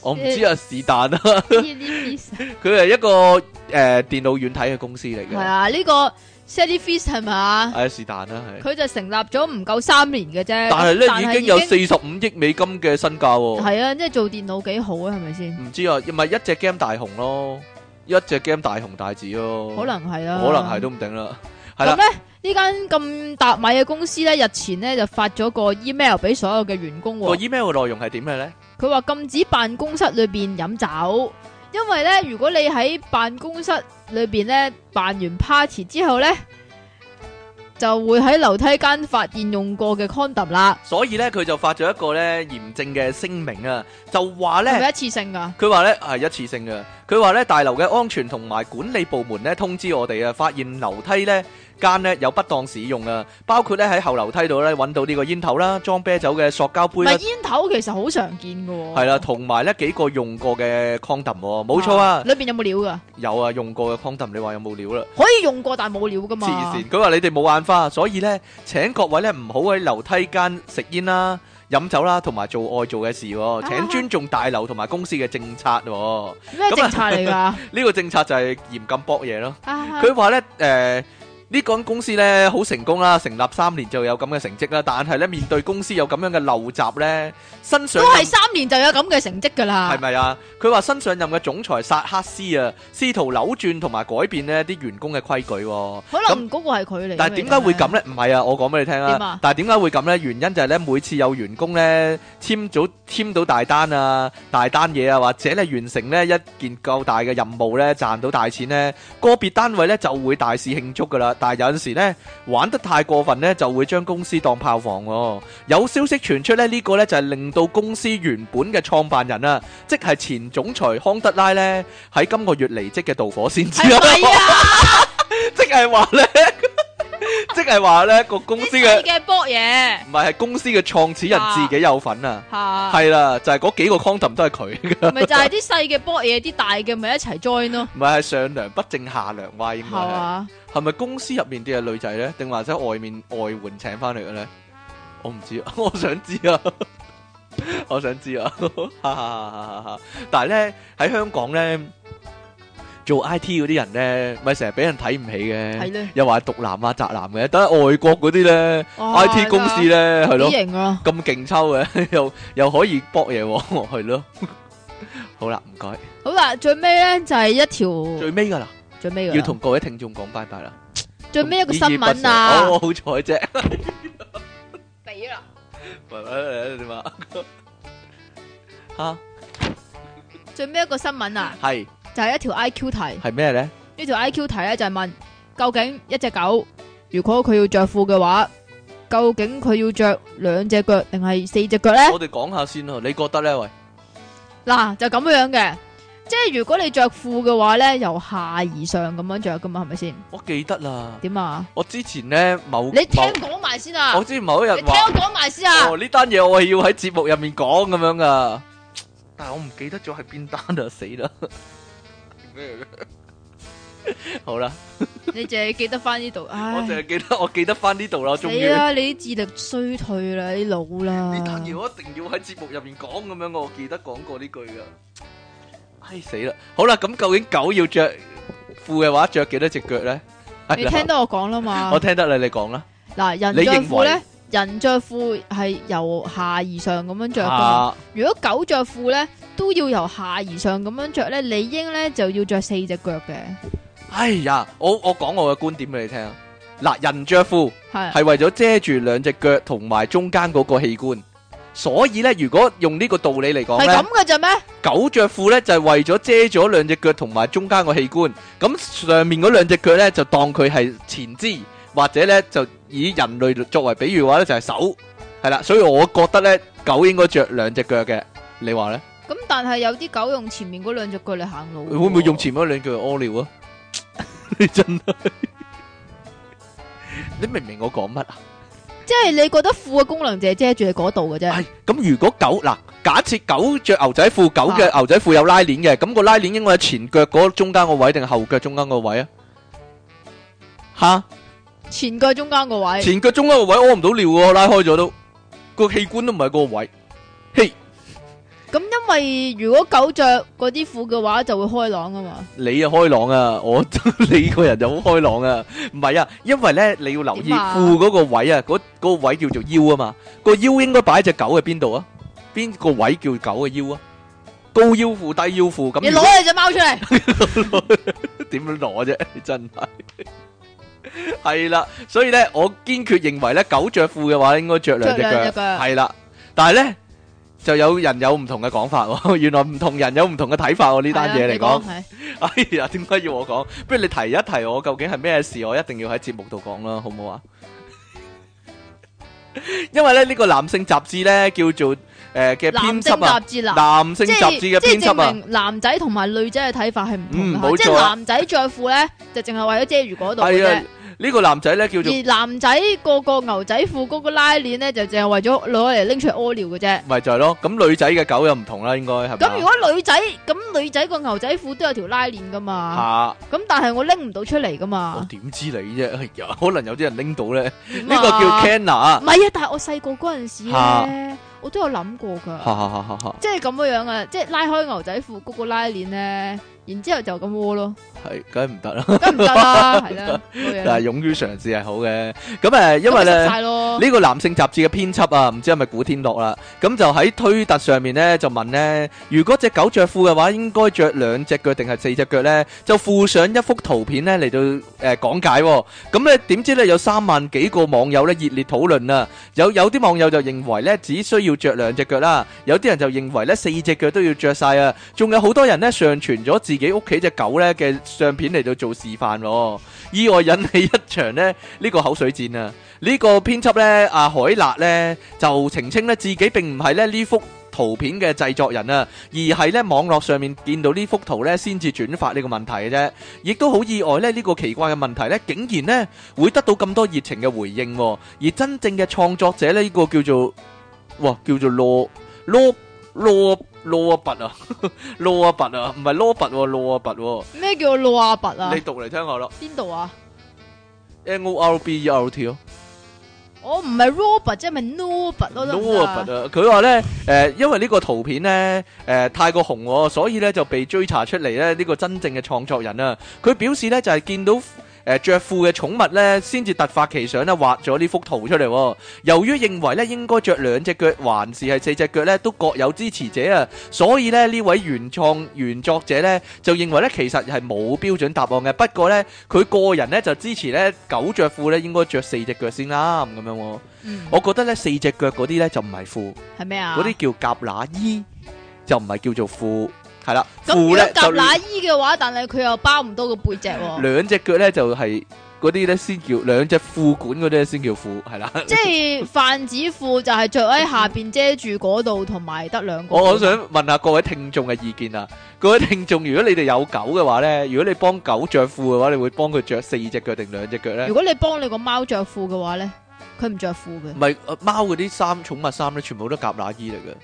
我唔知啊，是但啊。佢係一個誒電腦軟體嘅公司嚟嘅。係啊，呢個。Sally Fields 係咪？係是但啦，係、啊。佢就成立咗唔夠三年嘅啫。但係咧，已經，已經有四十五億美金嘅身價。係啊，即係做電腦幾好啊，係咪先？唔知啊，唔、就、係、是、一隻 game 大紅咯，一隻 game 大紅大紫咯。可能係啊，可能係都唔定 啦。咁咧，呢間咁大米嘅公司咧，日前咧就發咗個 email 俾所有嘅員工。哦，個 email 嘅內容係點嘅咧？佢話禁止辦公室裏邊飲酒。因為咧，如果你喺辦公室裏邊咧辦完 party 之後咧，就會喺樓梯間發現用過嘅 condom 啦。所以咧，佢就發咗一個咧嚴正嘅聲明啊，就話咧係一次性㗎。佢話咧係一次性㗎。佢話咧大樓嘅安全同埋管理部門咧通知我哋啊，發現樓梯咧。間咧有不當使用啊，包括咧喺後樓梯度咧揾到呢個煙頭啦，裝啤酒嘅塑膠杯。但係煙頭，其實好常見嘅。係啦，同埋咧幾個用過嘅 condom，冇錯啊。裏邊有冇料噶？有啊，用過嘅 condom，你話有冇料啦？可以用過，但係冇料噶嘛。慈善佢話你哋冇眼花，所以咧，請各位咧唔好喺樓梯間食煙啦、飲酒啦，同埋做愛做嘅事。請尊重大樓同埋公司嘅政策。咩政策嚟噶？呢個政策就係嚴禁博嘢咯。佢話咧，誒。呢間公司咧好成功啦，成立三年就有咁嘅成績啦。但係咧面對公司有咁樣嘅陋習咧，新上都係三年就有咁嘅成績噶啦。係咪啊？佢話新上任嘅總裁薩克斯啊，試圖扭轉同埋改變呢啲員工嘅規矩。可能嗰個係佢嚟。但係點解會咁咧？唔係啊，我講俾你聽啊。但係點解會咁咧？原因就係咧，每次有員工咧簽咗簽到大單啊、大單嘢啊，或者咧完成呢一件夠大嘅任務咧，賺到大錢咧，個別單位咧就會大肆慶祝噶啦。但係有陣時咧玩得太過分咧，就會將公司當炮房哦。有消息傳出咧，呢、這個咧就係令到公司原本嘅創辦人啊，即係前總裁康德拉咧，喺今個月離職嘅導火線之一。是是啊、 即係話咧， 即係話咧個公司嘅，唔係係公司嘅創始人自己有份啊。係啦，就係、是、嗰幾個 condom 都係佢。咪 就係啲細嘅博嘢，啲大嘅咪一齊 join 咯。唔係，係上梁不正下梁歪，應該。係啊。 係咪公司入面啲嘅女仔咧，定或者外面外援請翻嚟嘅咧？我唔知，我想知啊，我想知啊！但係咧喺香港咧做 IT 嗰啲人咧，咪成日俾人睇唔起嘅，又話毒男啊、宅男嘅，但係外國嗰啲咧 IT 公司咧係咯，咁勁抽嘅，又又可以搏嘢，係咯。好啦，唔該。好啦，最尾咧就係一條最尾噶啦。最尾要同各位聽眾講拜拜啦！最尾一個新聞啊，好彩啫，俾啦，點啊？吓，最尾一個新聞啊，係就係一條 IQ 題，係咩咧？呢條 IQ 題咧就係問究竟一隻狗如果佢要着褲嘅話，究竟佢要着兩隻腳定係四隻腳咧？我哋講下先咯，你覺得咧？喂，嗱就咁樣嘅。即係如果你着褲嘅話咧，由下而上咁樣着噶嘛，係咪先？我記得啦。點啊？我之前咧某你聽講埋先啊！我之前某一日話，你聽我講埋先啊！哦，呢單嘢我係要喺節目入面講咁樣噶，但係我唔記得咗係邊單啦，死啦！咩？好啦，你淨係記得翻呢度，唉，我淨係記得我記得翻呢度啦。係啊，你啲智力衰退啦，你老啦。呢單嘢我一定要喺節目入面講咁樣，我記得講過呢句噶。嗨死啦！好啦，咁究竟狗要着褲嘅話，着幾多隻腳咧？你聽到我講啦嘛？我聽得啦，你講啦。嗱，人着褲咧，人着褲係由下而上咁樣着噶。如果狗着褲咧，都要由下而上咁樣着咧，理應咧就要着四隻腳嘅。哎呀，我我講我嘅觀點俾你聽啊！嗱，人着褲係係為咗遮住兩隻腳同埋中間嗰個器官。所以咧，如果用呢個道理嚟講咧，係咁嘅啫咩？狗着褲咧就係為咗遮咗兩隻腳同埋中間個器官，咁上面嗰兩隻腳咧就當佢係前肢，或者咧就以人類作為比喻話咧就係手，係啦。所以我覺得咧，狗應該着兩隻腳嘅，你話咧？咁但係有啲狗用前面嗰兩隻腳嚟行路，會唔會用前面兩腳嚟屙尿啊？你真係，你明唔明我講乜啊？即係你覺得褲嘅功能就係遮住喺嗰度嘅啫。係咁，如果狗嗱，假設狗着牛仔褲，狗嘅牛仔褲有拉鏈嘅，咁個拉鏈應該喺前腳嗰中間個位，定係後腳中間個位啊？吓？前腳中間個位。前腳中間個位屙唔到尿喎，拉開咗都個器官都唔係個位，嘿。咁因為如果狗着嗰啲褲嘅話，就會開朗啊嘛。你啊開朗啊，我你個人就好開朗啊。唔係啊，因為咧你要留意褲嗰個位啊，嗰嗰個位叫做腰啊嘛。個腰應該擺喺隻狗嘅邊度啊？邊個位叫狗嘅腰啊？高腰褲、低腰褲咁。你攞你隻貓出嚟，點樣攞啫？真係係啦，所以咧，我堅決認為咧，狗着褲嘅話應該着兩隻腳，係啦。但係咧。就有人有唔同嘅講法喎，原來唔同人有唔同嘅睇法喎，呢單嘢嚟講。哎呀，點解要我講？不如你提一提我究竟係咩事？我一定要喺節目度講啦，好唔好啊？因為咧呢個男性雜誌咧叫做誒嘅編輯啊，男性雜誌男，男性雜誌嘅編輯啊，男仔同埋女仔嘅睇法係唔同，即係男仔在乎咧就淨係為咗遮住嗰度嘅。呢個男仔咧叫做，而男仔個個牛仔褲嗰個拉鏈咧，就淨係為咗攞嚟拎出嚟屙尿嘅啫。咪就係咯，咁女仔嘅狗又唔同啦，應該係。咁如果女仔，咁女仔個牛仔褲都有條拉鏈噶嘛？嚇！咁但係我拎唔到出嚟噶嘛？我點知你啫？哎呀，可能有啲人拎到咧。呢個叫 Ken 啊！唔係啊，但係我細個嗰陣時咧，我都有諗過㗎。嚇嚇嚇嚇嚇！即係咁樣啊！即係拉開牛仔褲嗰個拉鏈咧。然之後就咁窩咯，係梗係唔得啦，梗唔得啦，係啦。但係勇於嘗試係好嘅，咁誒，因為咧呢個男性雜誌嘅編輯啊，唔知係咪古天樂啦，咁就喺推特上面咧就問咧，如果隻狗著褲嘅話，應該著兩隻腳定係四隻腳咧？就附上一幅圖片咧嚟到誒講解，咁咧點知咧有三萬幾個網友咧熱烈討論啊！有有啲網友就認為咧只需要著兩隻腳啦，有啲人就認為咧四隻腳都要著曬啊！仲有好多人咧上傳咗自自己屋企隻狗咧嘅相片嚟到做示範，意外引起一場咧呢、呢個口水戰啊！呢個、編輯呢個編輯咧，阿海納咧就澄清咧自己並唔係咧呢幅圖片嘅製作人啊，而係咧網絡上面見到呢幅圖咧先至轉發呢個問題嘅啫。亦都好意外咧呢、呢個奇怪嘅問題咧，竟然咧會得到咁多熱情嘅回應、啊，而真正嘅創作者呢，呢、呢個叫做哇叫做羅羅。羅羅阿拔啊，羅阿拔啊，唔係羅拔，羅阿拔。咩叫羅阿拔啊？啊啊你讀嚟聽下咯。邊度啊？N O R B E R T 哦。我唔係羅拔，即係咪羅拔咯？羅阿拔啊！佢話咧，誒，因為呢個圖片咧，誒、呃，太過紅，所以咧就被追查出嚟咧，呢、這個真正嘅創作人啊。佢表示咧就係、是、見到。誒著、呃、褲嘅寵物咧，先至突發奇想咧，畫咗呢幅圖出嚟、哦。由於認為咧應該着兩隻腳，還是係四隻腳咧都各有支持者啊，所以咧呢位原創原作者咧就認為咧其實係冇標準答案嘅。不過呢，佢個人咧就支持咧狗著褲咧應該着四隻腳先啦咁樣、哦。嗯、我覺得咧四隻腳嗰啲咧就唔係褲，係咩啊？嗰啲叫夾乸衣，就唔係叫做褲。係啦，咁着夾乸衣嘅話，連但係佢又包唔到個背脊喎。兩隻腳咧就係嗰啲咧先叫，兩隻褲管嗰啲先叫褲，係啦。即係泛指褲就係着喺下邊遮住嗰度，同埋得兩個。我我想問下各位聽眾嘅意見啦，各位聽眾，如果你哋有狗嘅話咧，如果你幫狗着褲嘅話，你會幫佢着四隻腳定兩隻腳咧？如果你幫你個貓着褲嘅話咧，佢唔着褲嘅。唔係，貓嗰啲衫，寵物衫咧，全部都夾乸衣嚟嘅。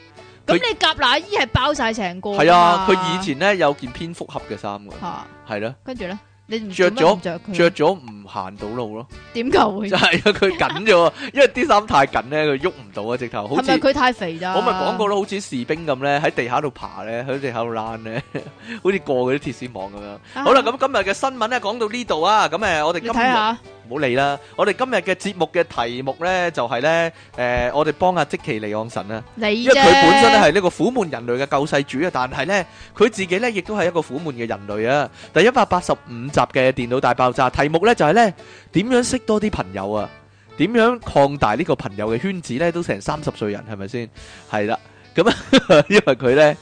咁你夾乸衣係包晒成個，係啊！佢以前咧有件蝙蝠俠嘅衫噶係咯、啊，啊、跟住咧，你着咗着咗唔行到路咯？點解會？就係佢緊咗，因為啲衫 太緊咧，佢喐唔到啊！直頭好似係咪佢太肥咋？講，我咪講過咯，好似士兵咁咧，喺地下度爬咧，喺地下度躝咧，好似過嗰啲鐵絲網咁樣。好啦，咁今日嘅新聞咧講到呢度啊！咁誒，我哋睇下。好你啦！我哋今日嘅節目嘅題目咧就係咧，誒，我哋幫阿積淇離岸神啊，因為佢本身咧係呢個苦悶人類嘅救世主啊，但係咧佢自己咧亦都係一個苦悶嘅人類啊。第一百八十五集嘅電腦大爆炸題目咧就係咧，點樣識多啲朋友啊？點樣擴大呢個朋友嘅圈子咧？都成三十歲人係咪先？係啦，咁因為佢咧。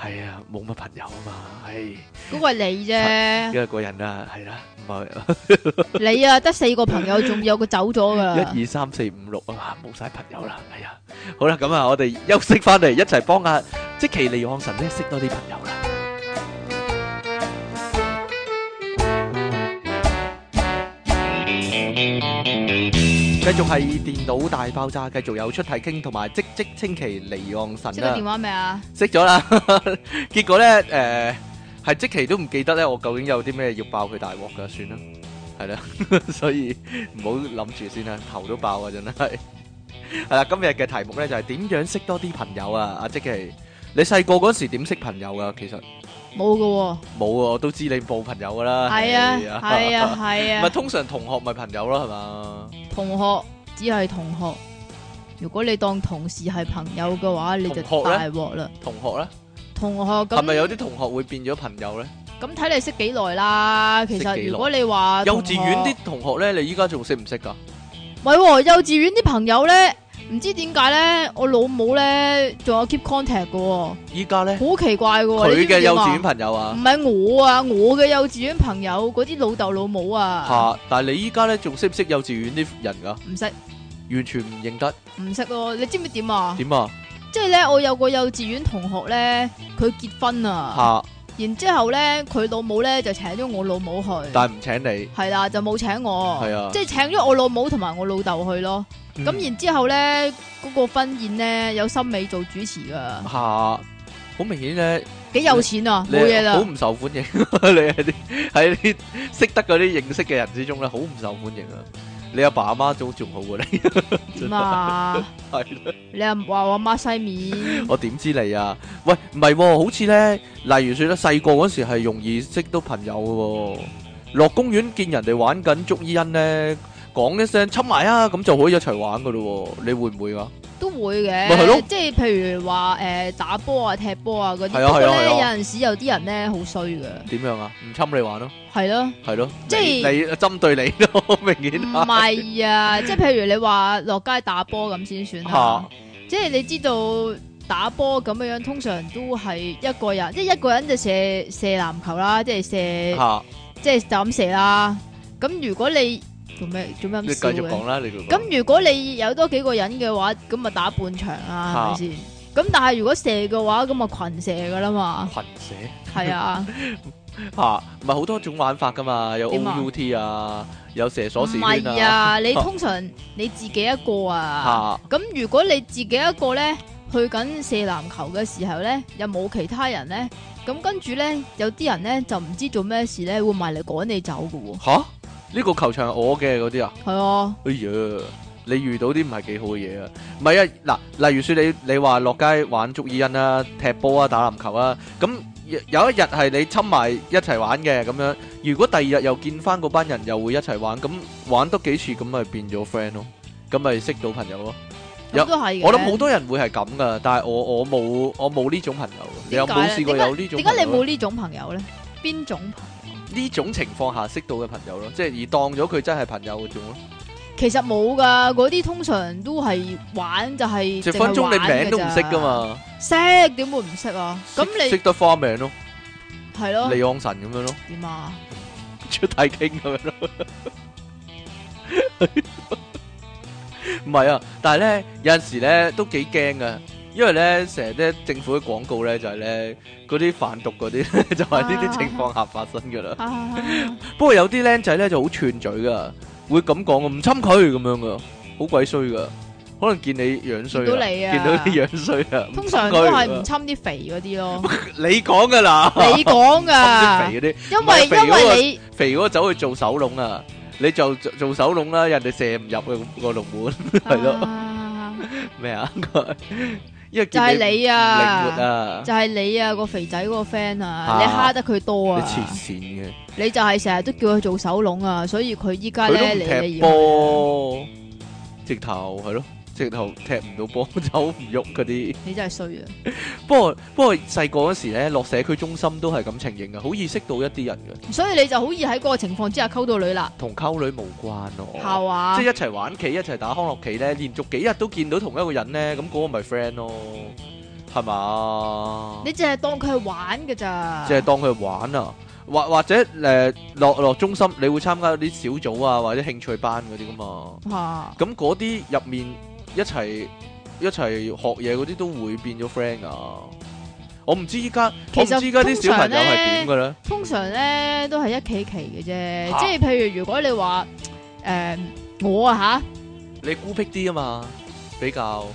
係啊，冇乜朋友啊嘛，係，嗰個係你啫，因為個人啊，係啦，唔係，你啊得四個朋友，仲有個走咗噶，一二三四五六啊嘛，冇晒朋友啦，係啊，好啦，咁啊，我哋休息翻嚟，一齊幫阿即積淇離岸神咧識多啲朋友啦。繼續係電腦大爆炸，繼續有出體 king，同埋積積淇離岸神。接咗電話未啊？識咗啦，結果咧，誒，係積淇都唔記得咧，我究竟有啲咩要爆佢大鑊噶，算啦，係啦，所以唔好諗住先啦，頭都爆啊，真係。係啦，今日嘅題目咧就係點樣識多啲朋友啊？阿積淇，你細個嗰時點識朋友噶？其實。冇噶，冇啊、哦！我都知你冇朋友噶啦，係啊，係 啊，係啊。唔係、啊、 通常同學咪朋友咯，係嘛？同學只係同學。如果你當同事係朋友嘅話，你就大鑊啦。同學咧？同學咁係咪有啲同學會變咗朋友咧？咁睇你識幾耐啦。其實如果你話幼稚園啲同學咧，你依家仲識唔識噶？唔係，幼稚園啲朋友咧。唔知點解咧，我老母咧仲有 keep contact 嘅。依家咧，好奇怪嘅。佢嘅幼稚園朋友啊，唔係我啊，我嘅幼稚園朋友嗰啲老豆老母啊。吓！但係你依家咧仲識唔識幼稚園啲人噶？唔識，完全唔認得。唔識咯，你知唔知點啊？點啊？即係咧，我有個幼稚園同學咧，佢結婚啊。吓！然之後咧，佢老母咧就請咗我老母去。但係唔請你。係啦，就冇請我。係啊，即係請咗我老母同埋我老豆去咯。咁然之後咧，嗰個婚宴咧有森美做主持噶，吓好明顯咧，幾有錢啊冇嘢啦，好唔受歡迎，你喺啲喺啲識得嗰啲認識嘅人之中咧，好唔受歡迎啊！你阿爸阿媽都仲好過你嘛？係咯，你又話我媽西面，我點知你啊？喂，唔係喎，好似咧，例如說咧，細個嗰時係容易識到朋友嘅，落公園見人哋玩緊捉伊因咧。講一聲，侵埋啊，咁就可以一齊玩噶咯。你會唔會啊？都會嘅，係咯。即係譬如話誒打波啊、踢波啊嗰啲，即係有陣時有啲人咧好衰噶。點樣啊？唔侵你玩咯。係咯，係咯，即係你針對你咯，明顯。唔係啊，即係譬如你話落街打波咁先算。即係你知道打波咁樣樣，通常都係一個人，即係一個人就射射籃球啦，即係射，即係就咁射啦。咁如果你做咩？做咩咁笑嘅？你繼續講啦，你。咁如果你有多幾個人嘅話，咁啊打半場啊，係咪先？咁但係如果射嘅話，咁啊群射噶啦嘛。群射蛇係的 啊，吓，唔係好多種玩法噶嘛？有 O U T 啊，有射鎖匙圈啊。唔係啊，你通常你自己一個啊。咁、啊、如果你自己一個咧，去緊射籃球嘅時候咧，又冇其他人咧，咁跟住咧，有啲人咧就唔知做咩事咧，會埋嚟趕你走噶喎。吓、啊！呢個球場係我嘅嗰啲啊，係啊，哎呀，你遇到啲唔係幾好嘅嘢啊，唔係啊，嗱，例如説你你話落街玩捉伊人啦、踢波啊、打籃球啊，咁有一日係你侵埋一齊玩嘅咁樣，如果第二日又見翻嗰班人，又會一齊玩，咁玩多幾次，咁咪變咗 friend 咯，咁咪識到朋友咯，有，我諗好多人會係咁噶，但係我我冇我冇呢種朋友，你有冇試過有呢種？點解你冇呢種朋友咧？邊種朋友？呢種情況下識到嘅朋友咯，即係而當咗佢真係朋友嘅種咯。其實冇噶，嗰啲通常都係玩就係即係玩嘅咋，你名都唔識噶嘛。識，點會唔識啊？咁你識得花名咯，係咯？離岸神，咁樣咯？點啊？出體 king 咁樣咯？唔係啊，但係咧有陣時咧都幾驚噶。因為咧成日咧政府嘅廣告咧就係咧嗰啲販毒嗰啲咧就係呢啲情況下發生噶啦。不過有啲僆仔咧就好串嘴噶，會咁講啊，唔侵佢咁樣噶，好鬼衰噶。可能見你樣衰，見到你啊，見到啲樣衰啊。通常都係唔侵啲肥嗰啲咯。你講噶啦，你講噶。唔侵啲肥嗰啲，因為因為你肥嗰個走去做守龍啊，你做做做守龍啦，人哋射唔入個個龍門係咯。咩啊？就係你啊！啊就係你啊！個肥仔嗰個 friend 啊，啊你蝦得佢多啊！你黐線嘅！你就係成日都叫佢做手籠啊，所以佢依家咧你啊要。直頭係咯。直頭踢唔到波，走唔喐嗰啲。你真係衰啊！不過不過細個嗰時咧，落社區中心都係咁情形啊，好易識到一啲人嘅。所以你就好易喺嗰個情況之下溝到女啦。同溝女無關咯。嚇！即係一齊玩棋，一齊打康樂棋咧，連續幾日都見到同一個人咧，咁嗰個咪 friend 咯，係嘛？你淨係當佢係玩㗎咋？淨係當佢玩啊！或或者誒，落落中心，你會參加啲小組啊，或者興趣班嗰啲㗎嘛？哇！咁嗰啲入面。一齊一齊學嘢嗰啲都會變咗 friend 啊。我唔知依家其唔知依家啲小朋友係點嘅咧？通常咧都係一企企嘅啫，即係譬如如果你話誒我啊吓，你孤僻啲啊嘛，比較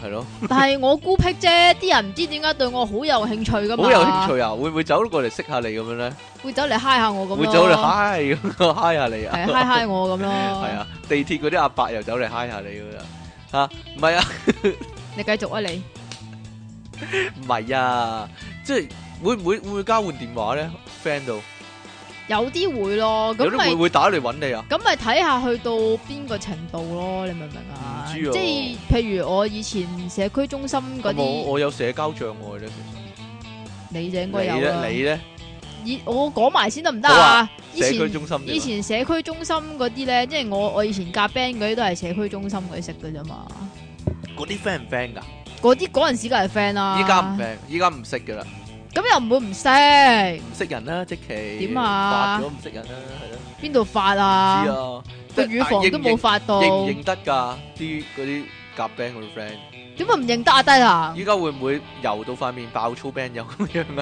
係咯。但係我孤僻啫，啲人唔知點解對我好有興趣噶嘛。好有興趣啊，會唔會走嚟過嚟識下你咁樣咧？會走嚟嗨下我咁咯，走嚟嗨 i 下你啊嗨 i 我咁咯。係啊，地鐵嗰啲阿伯又走嚟嗨下你啊。啊，唔係啊，你繼續啊你，唔係啊，即係會唔會會唔會交換電話咧？friend 度有啲會咯，咁咪會唔會打嚟揾你啊？咁咪睇下去到邊個程度咯？你明唔明啊？唔知啊。即係譬如我以前社區中心嗰啲，我我有社交障礙咧，其實你就應該有啦。你咧？我講埋先得唔得啊？中心以前以前社區中心嗰啲咧，即係我我以前夾 band 嗰啲都係社區中心嗰啲、啊、識嘅啫嘛。嗰啲 friend 唔 friend 㗎？嗰啲嗰陣時梗係 friend 啦。依家唔 friend，依家唔識嘅啦。咁又唔會唔識？唔識人啦、啊，積淇。點啊？發咗唔識人啦、啊，係咯。邊度發啊？知啊，個乳房都冇發到。認唔認得㗎？啲嗰啲夾 band 嗰啲 friend。點解唔認得阿低下，依家會唔會油到塊面爆粗 band 又咁樣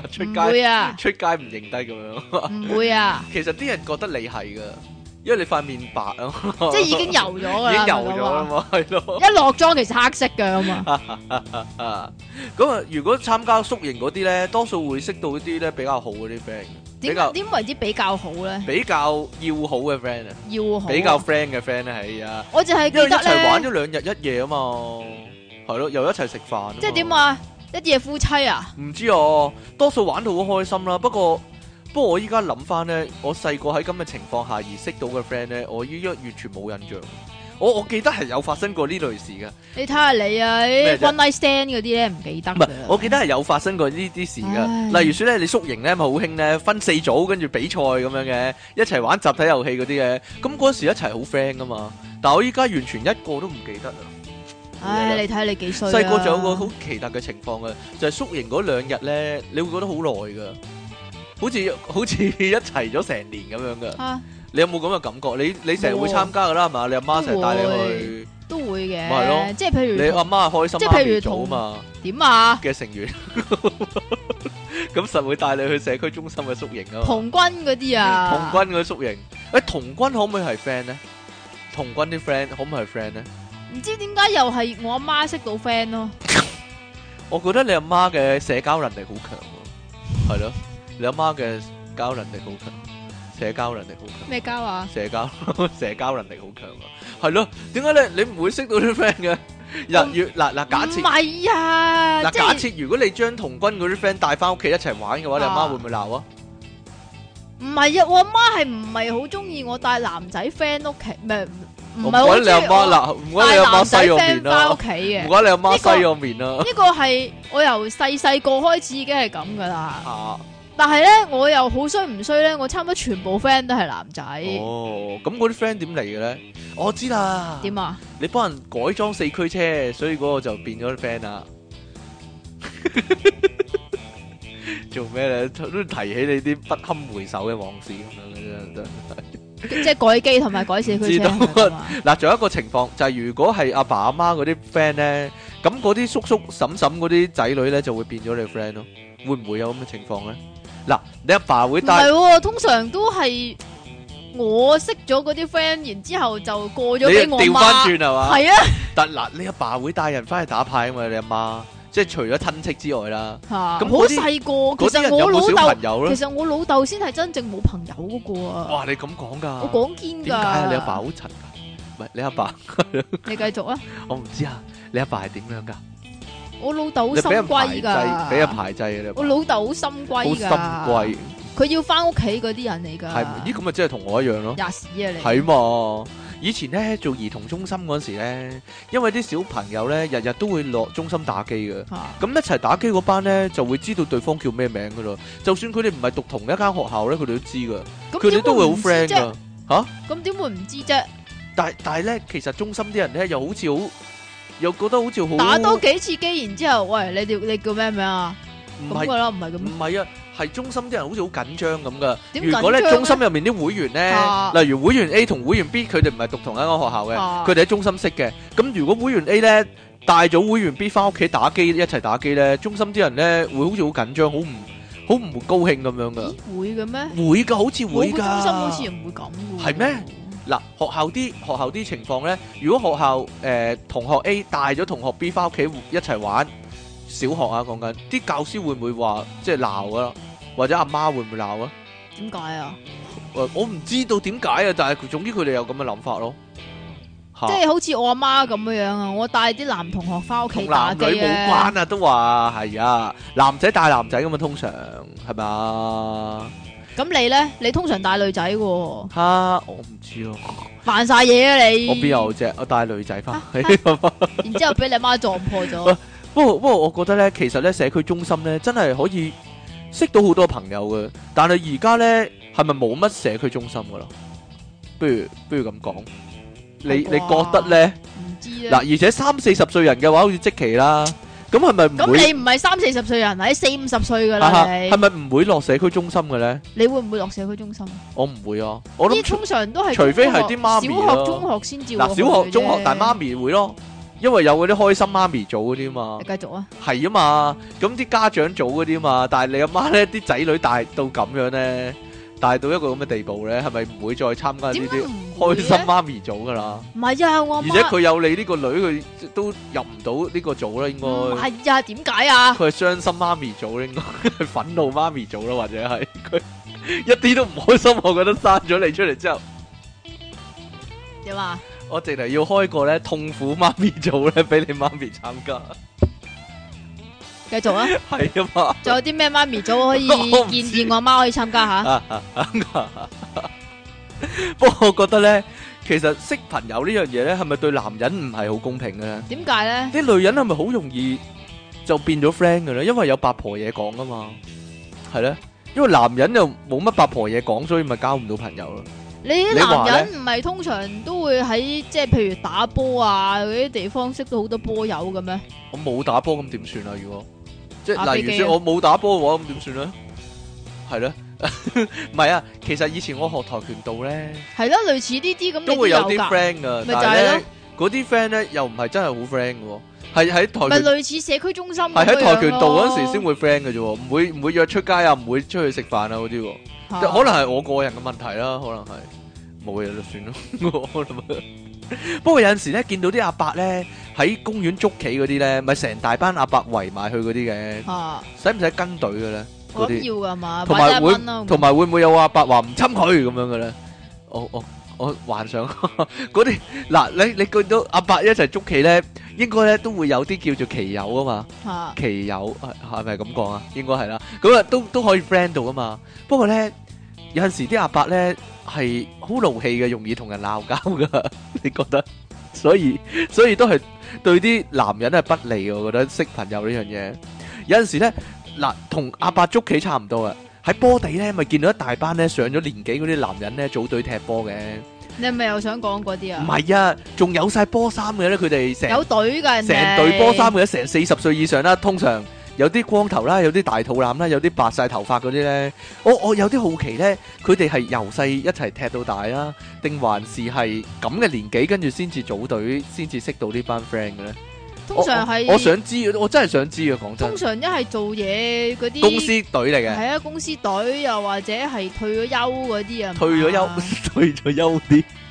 啊？出街，出街唔認低咁樣？唔會啊！其實啲人覺得你係噶，因為你塊面白啊，即係已經油咗噶，已經油咗啦嘛，係咯。一落妝其實黑色噶嘛。咁啊，如果參加宿營嗰啲咧，多數會識到啲咧比較好嗰啲 friend。點點為之比較好咧？比較要好嘅 friend 啊，要好，比較 friend 嘅 friend 咧係啊。我就係記得咧，因為一齊玩咗兩日一夜啊嘛。係咯，又一齊食飯。即係點啊？一夜夫妻啊？唔知啊，多數玩到好開心啦、啊。不過不過我依家諗翻咧，我細個喺咁嘅情況下而識到嘅 friend 咧，我依家完全冇印象。我我記得係有發生過呢類事噶。你睇下你啊，one、哎、night stand 嗰啲咧唔記得。唔係，我記得係有發生過呢啲事噶。唉例如說咧，你宿營咧咪好興咧，分四組跟住比賽咁樣嘅，一齊玩集體遊戲嗰啲嘅。咁嗰時一齊好 friend 噶嘛。但係我依家完全一個都唔記得哎，你睇下你幾歲啦？細個仲有個好奇特嘅情況嘅，就係宿營嗰兩日咧，你會覺得好耐嘅，好似好似一齊咗成年咁樣嘅。嚇！你有冇咁嘅感覺？你你成日會參加嘅啦，係嘛？你阿媽成日帶你去，都會嘅。係咯，即係譬如你阿媽開心，即係譬如童嘛？點啊？嘅成員咁實會帶你去社區中心嘅宿營啊！童軍嗰啲啊，童軍嗰宿營，誒童軍可唔可以係 friend 咧？童軍啲 friend 可唔可以係 friend 咧？唔知點解又係我阿媽識到 friend 咯。我覺得你阿媽嘅社交能力好強，係咯，你阿媽嘅交能力好強，社交能力好強。咩交啊？社交，社交能力好強啊！係咯？點解咧？你你唔會識到啲 friend 嘅？若要嗱嗱，假設唔係啊？嗱，假設如果你將童軍嗰啲 friend 帶翻屋企一齊玩嘅話，你阿媽會唔會鬧啊？唔係啊！我阿媽係唔係好中意我帶男仔 friend 屋企咩？唔係好似我你阿媽，但男仔 friend 翻屋企嘅，唔該你阿媽洗個面啦、啊呢個。呢、呢個係我由細細個開始已經係咁噶啦。啊、但係咧，我又好衰唔衰咧？我差唔多全部 friend 都係男仔。哦，咁嗰啲 friend 點嚟嘅咧？我知啦。點啊？你幫人改裝四驅車，所以嗰個就變咗啲 friend 啦。 做咩咧？都提起你啲不堪回首嘅往事咁樣 即係改機同埋改設佢知道嗱，仲吧 有一個情況就係、是、如果係阿爸阿媽嗰啲 friend 咧，咁嗰啲叔叔嬸嬸嗰啲仔女咧就會變咗你 friend 咯。會唔會有咁嘅情況咧？嗱，你阿爸，爸會帶唔係、哦？通常都係我識咗嗰啲 friend，然之後就過咗俾我。調翻轉係嘛？係是啊。 但嗱，你阿爸，爸會帶人翻去打牌啊嘛？你阿媽？即係除咗親戚之外啦，咁好細個，其實我老豆，其實我老豆先係真正冇朋友嗰個啊！哇，你咁講噶？我講堅噶。你阿爸好柒，唔係你阿爸。你繼續啊！我唔知啊，你阿爸係點樣噶？我老豆好深閨噶，俾一排制啦。我老豆好深閨，好深閨。佢要翻屋企嗰啲人嚟噶。係，咦咁咪即係同我一樣咯。吔屎啊你！係嘛？以前咧做兒童中心嗰陣時咧，因為啲小朋友咧日日都會落中心打機嘅，咁、啊、一齊打機嗰班咧就會知道對方叫咩名嘅咯。就算佢哋唔係讀同一間學校咧，佢哋都知嘅，佢哋都會好 friend 嘅嚇。咁點、啊、會唔知啫？但但係咧，其實中心啲人咧又好似好，又覺得好似好打多幾次機，然之後，喂，你叫你叫咩名啊？咁㗎啦，唔係咁，唔係啊。係中心啲人好似好緊張咁噶。怎麽 如果咧中心入面啲會員咧，啊、例如會員 A 同會員 B，佢哋唔係讀同一間學校嘅，佢哋喺中心識嘅。咁如果會員 A 咧帶咗會員 B 翻屋企打機，一齊打機咧，中心啲人咧會好似好緊張，好唔好唔高興咁樣噶？會嘅咩？會噶，好似會噶。中心好似唔會咁噶。係咩嗎？嗱、啊，學校啲學校啲情況咧，如果學校誒、呃、同學 A 帶咗同學 B 翻屋企一齊玩。小學啊，講緊啲教師會唔會話即係鬧啊？或者阿媽會唔會鬧啊？點解啊？我唔知道點解啊，但係佢總之佢哋有咁嘅諗法咯。即係好似我阿媽咁嘅樣啊，我帶啲男同學翻屋企打機啊。同男女冇關啊，都話係啊，男仔帶男仔咁嘛，通常係咪？咁你咧？你通常帶女仔喎，啊？吓，我唔知咯，啊。煩晒嘢啊你！我邊有啫？我帶女仔翻。 然之後俾你媽撞破咗。 不過不過，我覺得咧，其實咧，社區中心咧，真係可以識到好多朋友嘅。但係而家咧，係咪冇乜社區中心噶啦？不如不如咁講，你你覺得咧？唔知啦。嗱，而且三四十歲人嘅話，好似積淇啦，咁係咪唔會？咁你唔係三四十歲人，係四五十歲噶啦，係咪唔會落社區中心嘅咧？你會唔會落社區中心？我唔會啊，我諗通常都係除非係啲媽咪咯，小學中學先照。嗱，小學中學但係媽咪會咯。因為有嗰啲開心媽咪組嗰啲嘛，繼續啊，係啊嘛，咁啲家長組嗰啲嘛，但係你阿媽咧，啲仔女大到咁樣咧，大到一個咁嘅地步咧，係咪唔會再參加呢啲開心媽咪組噶啦？唔係啊，我而且佢有你呢個女，佢都入唔到呢個組啦，應該係啊？點解啊？佢係傷心媽咪組，應該係憤怒媽咪組啦，或者係佢一啲都唔開心，我覺得生咗你出嚟之後，點啊？我淨係要開個咧痛苦媽咪組咧，俾你媽咪參加。繼續啊，係啊嘛。仲有啲咩媽咪組可以建議我媽可以參加吓？不過我覺得咧，其實識朋友呢樣嘢咧，係咪對男人唔係好公平嘅咧？點解咧？啲女人係咪好容易就變咗 friend 噶咧？因為有八婆嘢講啊嘛，係咧。因為男人又冇乜八婆嘢講，所以咪交唔到朋友咯。你啲男人唔係通常都會喺即係譬如打波啊嗰啲地方識到好多波友嘅咩？我冇打波咁點算啊？如果即係例如，我冇打波嘅話，咁點算咧？係咯，唔 係啊。其實以前我學跆拳道咧，係咯，類似呢啲咁都會有啲 friend 噶。但係咧，嗰啲 friend 咧又唔係真係好 friend 嘅喎。係喺跆拳係類似社區中心，係喺跆拳道嗰時先會 friend 嘅啫，唔、啊、會唔會約出街啊，唔會出去食飯啊嗰啲喎。可能係我個人嘅問題啦，可能係。冇嘢就算咯。不過有陣時咧，見到啲阿伯咧喺公園捉棋嗰啲咧，咪成大班阿伯圍埋去嗰啲嘅，使唔使跟隊嘅咧？嗰啲要㗎嘛。同埋會同埋會唔會有阿伯話唔侵佢咁樣嘅咧？我我我幻想嗰啲嗱，你你見到阿伯一齊捉棋咧，應該咧都會有啲叫做棋友啊嘛。棋友係係咪咁講啊？應該係啦。咁啊都都可以 friend 到啊嘛。不過咧。有陣時啲阿伯咧係好勞氣嘅，容易同人鬧交噶。你覺得？所以所以都係對啲男人都係不利嘅。我覺得識朋友呢樣嘢，有陣時咧嗱，同阿伯捉棋差唔多啊。喺波地咧，咪見到一大班咧上咗年紀嗰啲男人咧組隊踢波嘅。你係咪又想講嗰啲啊？唔係啊，仲有晒波衫嘅咧，佢哋成有隊嘅，成隊波衫嘅，成四十歲以上啦，通常。有啲光頭啦，有啲大肚腩啦，有啲白晒頭髮嗰啲呢。我、oh, 我、oh, 有啲好奇呢，佢哋係由細一齊踢到大啦，定還是係咁嘅年紀跟住先至組隊，先至識到呢班 friend 嘅呢？通常係，oh, oh, 我想知，我真係想知啊！講真，通常一係做嘢嗰啲公司隊嚟嘅，係啊，公司隊又、啊、或者係退咗休嗰啲啊，退咗休，啊、 退咗休啲。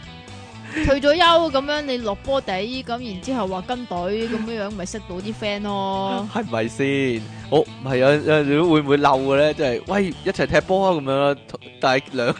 退咗休咁樣，你落波地咁，然之後話跟隊咁樣樣，咪識到啲 friend 咯，係咪先？好，唔係啊，咁會唔會嬲嘅咧？即係喂，一齊踢波啊咁樣啦，但係兩，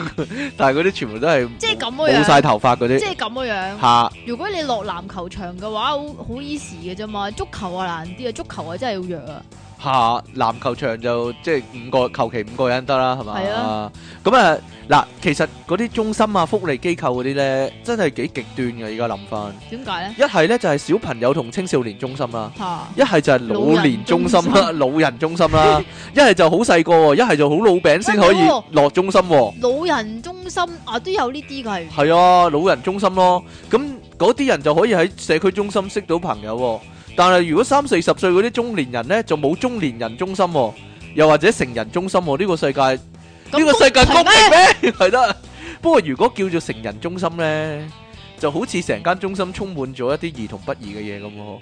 但係嗰啲全部都係即係咁嘅樣，冇晒頭髮嗰啲，即係咁嘅樣。吓，如果你落籃球場嘅話，好 easy 嘅啫嘛，足球啊難啲啊，足球啊真係要弱啊。下籃球場就即係五個，求其五個人得啦，係嘛？係是啊！咁啊嗱，其實嗰啲中心啊、福利機構嗰啲咧，真係幾極端嘅。而家諗翻，點解咧？一係咧就係小朋友同青少年中心啦、啊，一係、啊、就係老年中心啦、啊、老人中心啦，一係就好細個，一係就好老餅先可以落中心喎。老人中心啊，都有呢啲嘅係。係啊，老人中心咯，咁嗰啲人就可以喺社區中心識到朋友、啊。但係如果三四十歲嗰啲中年人呢，就冇中年人中心、哦，又或者成人中心、哦，呢、這個世界，呢個世界公平咩？係啦、啊。 不過如果叫做成人中心呢，就好似成間中心充滿咗一啲兒童不宜嘅嘢咁。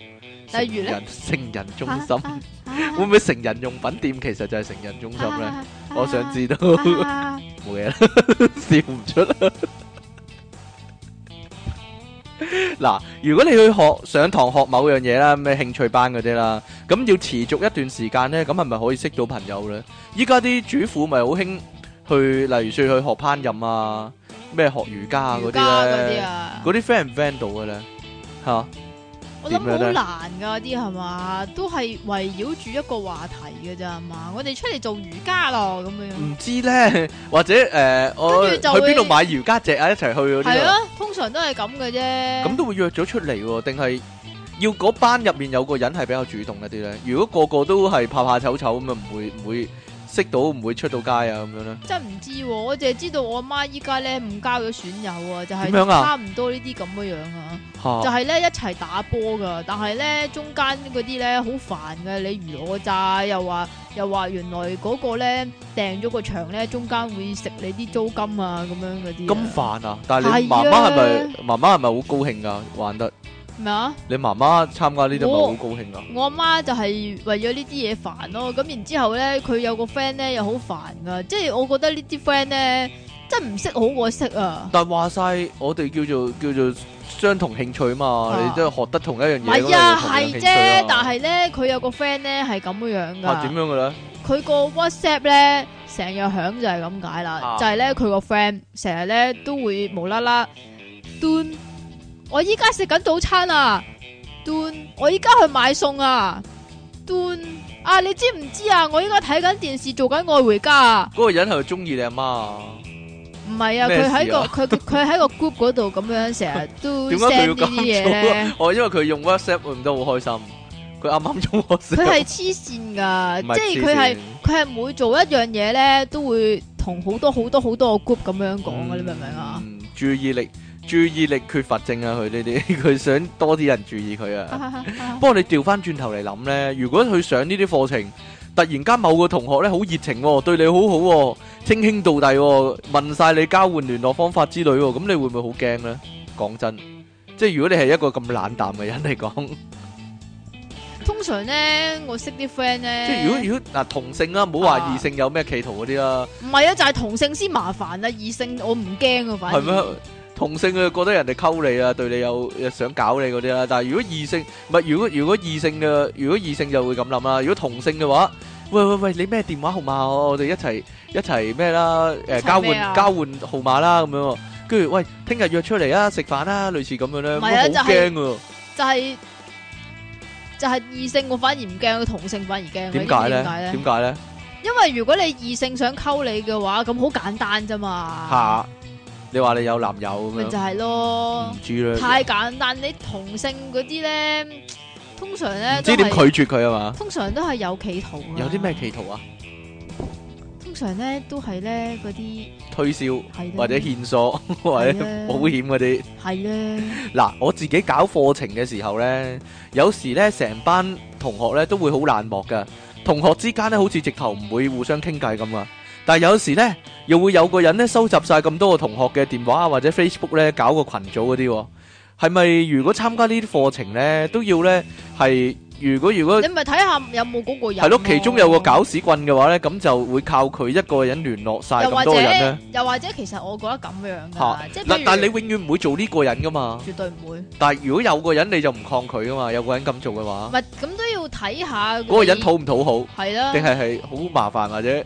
例如成人，成人中心、啊啊啊、會唔會成人用品店其實就係成人中心呢，啊啊、我想知道，冇嘢、啊啊、笑唔出嗱， 如果你去學上堂學某樣嘢啦，咩興趣班嗰啲啦，咁要持續一段時間咧，咁係咪可以識到朋友咧？依家啲主婦咪好興去，例如說去學烹飪啊，咩學瑜伽啊嗰啲咧，嗰啲，啊、friend 唔 friend 到嘅咧？吓，啊？我諗好難噶啲係嘛，都係圍繞住一個話題嘅咋嘛？我哋出嚟做瑜伽咯，咁樣。唔知咧，或者誒、呃，我就去邊度買瑜伽席啊？一齊去嗰啲。係咯、啊，通常都係咁嘅啫。咁都會約咗出嚟，定係要嗰班入面有個人係比較主動一啲咧？如果個個都係怕怕丑醜咁啊，唔會唔會？識到唔會出到街啊咁樣咧，真唔知喎、啊，我淨係知道我阿媽依家咧唔交咗損友啊，就係、是、差唔多呢啲咁嘅樣啊，樣啊就係咧一齊打波噶，但係咧中間嗰啲咧好煩嘅，你如我咋，又話又話原來嗰個咧訂咗個場咧，中間會食你啲租金啊咁樣嗰啲、啊，咁煩啊！但係你媽媽係咪媽媽係咪好高興噶，玩得？咩啊？你媽媽參加呢啲咪好高興啊？我阿媽就係為咗呢啲嘢煩咯。咁然之後咧，佢有個 friend 咧又好煩噶。即係我覺得呢啲 friend 咧，真係唔識好過識啊。但係話晒，我哋叫做叫做相同興趣嘛。你都係學得同一樣嘢。係啊，係啫。但係咧，佢有個 friend 咧係咁樣噶。點樣嘅咧？佢個 WhatsApp 咧成日響就係咁解啦。就係咧，佢個 friend 成日咧都會無啦啦。我依家食緊早餐啊！我依家去買餸啊！啊，你知唔知啊？我依家睇緊電視，做緊《愛回家》媽媽啊！嗰個人係中意你阿媽啊？唔係啊，佢喺個佢佢喺個 group 嗰度咁樣，成日都 send 啲嘢。我因為佢用 WhatsApp 會唔得好開心，佢啱啱中學識。佢係黐線噶，即係佢係佢係每做一樣嘢咧，都會同好多好多好多個 group 咁樣講噶，嗯，你明唔明啊？注意力。注意力缺乏症啊，佢呢啲佢想多啲人注意佢啊。不過你調翻轉頭嚟諗咧，如果佢上呢啲課程，突然間某個同學咧好熱情，對你好好，稱兄道弟，問晒你交換聯絡方法之類，咁你會唔會好驚咧？講真，即係如果你係一個咁冷淡嘅人嚟講，通常咧我識啲 friend 咧，即係如果如果嗱同性啦，唔好話異性有咩企圖嗰啲啦，唔係啊，就係同性先麻煩啊，異性我唔驚啊，反係咩？同性啊，覺得人哋溝你啊，對你有想搞你嗰啲啦。但係如果異性，唔係如果如果異性嘅，如果異性就會咁諗啦。如果同性嘅話，喂喂喂，你咩電話號碼？我我哋一齊一齊咩啦？誒，交換交換號碼啦，咁樣。跟住喂，聽日約出嚟啊，食飯啦，類似咁樣咧。唔係啊，就驚嘅，就係就係異性，我反而唔驚，同性反而驚。點解咧？點解咧？因為如果你異性想溝你嘅話，咁好簡單啫嘛。吓。你話你有男友咁樣，咪就係咯，唔知咯，太簡單。你同性嗰啲咧，通常咧，知點拒絕佢啊嘛？通常都係有企圖，有啲咩企圖啊？通常咧都係咧嗰啲推銷銷，的或者線索，或者保險嗰啲。係咧。嗱， 我自己搞課程嘅時候咧，有時咧成班同學咧都會好冷漠噶，同學之間咧好似直頭唔會互相傾偈咁啊。但係有時咧，又會有個人咧收集晒咁多個同學嘅電話啊，或者 Facebook 咧搞個群組嗰啲，係咪如果參加呢啲課程咧，都要咧係如果如果你咪睇下有冇嗰個人係咯，其中有個搞屎棍嘅話咧，咁就會靠佢一個人聯絡晒咁多人咧。又或者，其實我覺得咁樣嘅，即係，但但你永遠唔會做呢個人噶嘛，絕對唔會。但係如果有個人你就唔抗拒噶嘛，有個人咁做嘅話，唔係咁都要睇下嗰個人討唔討好，係啦，定係係好麻煩或者。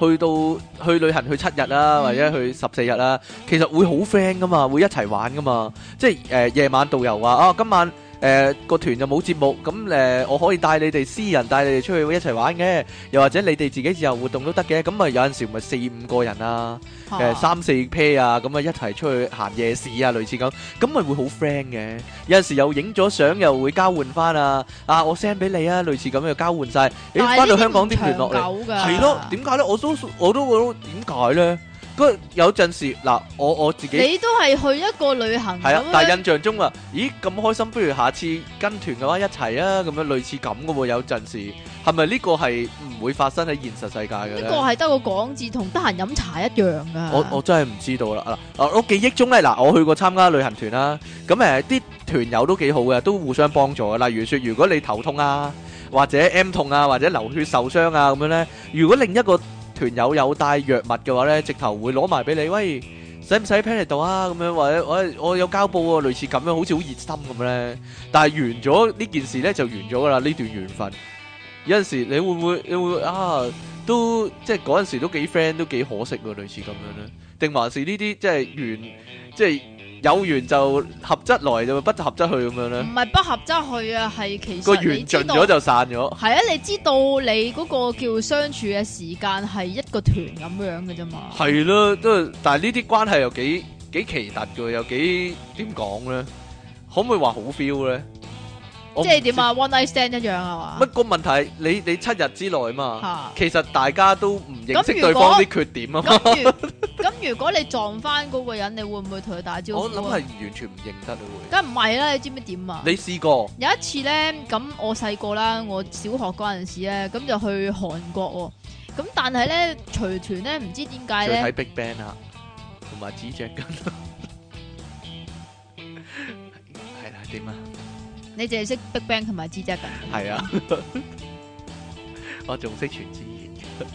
去到去旅行去七日啦，或者去十四日啦，其實會好 friend 噶嘛，會一齊玩噶嘛，即係誒夜晚導遊話：啊、哦、今晚。誒個團就冇節目，咁誒我可以帶你哋，私人帶你哋出去一齊玩嘅，又或者你哋自己自由活動都得嘅，咁啊有陣時咪四五個人啊，誒三四 pair 啊，咁啊一齊出去行夜市啊，類似咁，咁咪會好 friend 嘅。有陣時又影咗相又會交換翻啊，啊我 send 俾你啊，類似咁樣交換曬。誒，翻到香港啲聯絡嚟，係咯，點解咧？我都我都覺得點解咧？有陣時嗱，我我自己你都係去一個旅行，係啊，但係印象中啊，咦咁開心，不如下次跟團嘅話一齊啊，咁樣類似咁嘅喎。有陣時係咪呢個係唔會發生喺現實世界嘅咧？呢個係得個講字同得閒飲茶一樣啊！我我真係唔知道啦。嗱，我記憶中呢，嗱，我去過參加旅行團啦，咁誒啲團友都幾好嘅，都互相幫助嘅。例如説，如果你頭痛啊，或者 M 痛啊，或者流血受傷啊咁樣呢，如果另一個團友有帶藥物嘅話咧，直頭會攞埋俾你，喂，使唔使 panny 度啊？咁樣或者我我有膠布喎，類似咁樣，好似好熱心咁咧。但係完咗呢件事咧，就完咗噶啦，呢段緣分。有陣時你會唔會？你會啊？都即係嗰陣時都幾 friend，都幾可惜喎。類似咁樣咧，定還是呢啲即係緣，即係。有緣就合則來啫嘛，不合則去咁樣咧。唔係不，不合則去啊，係其實個緣盡咗就散咗。係啊，你知道你嗰個叫相處嘅時間係一個團咁樣嘅啫嘛。係咯、啊，都但係呢啲關係又幾幾奇特嘅，又幾點講咧？可唔可以話好 feel 咧？即係點啊？One Night Stand 一樣係嘛？乜個問題？你你七日之內嘛？其實大家都唔認識對方啲缺點啊嘛。咁如果咁如果你撞翻嗰個人，你會唔會同佢打招呼？我諗係完全唔認得咯會。梗唔係啦，你知唔知點啊？你試過？有一次咧，咁我細個啦，我小學嗰陣時咧，咁就去韓國，咁但係咧隨團咧唔知點解咧。睇 Big Bang 啊，同埋紙只根。係啦，點啊？你淨係識 BigBang 同埋 G-Dragon？係啊，我仲識全智賢。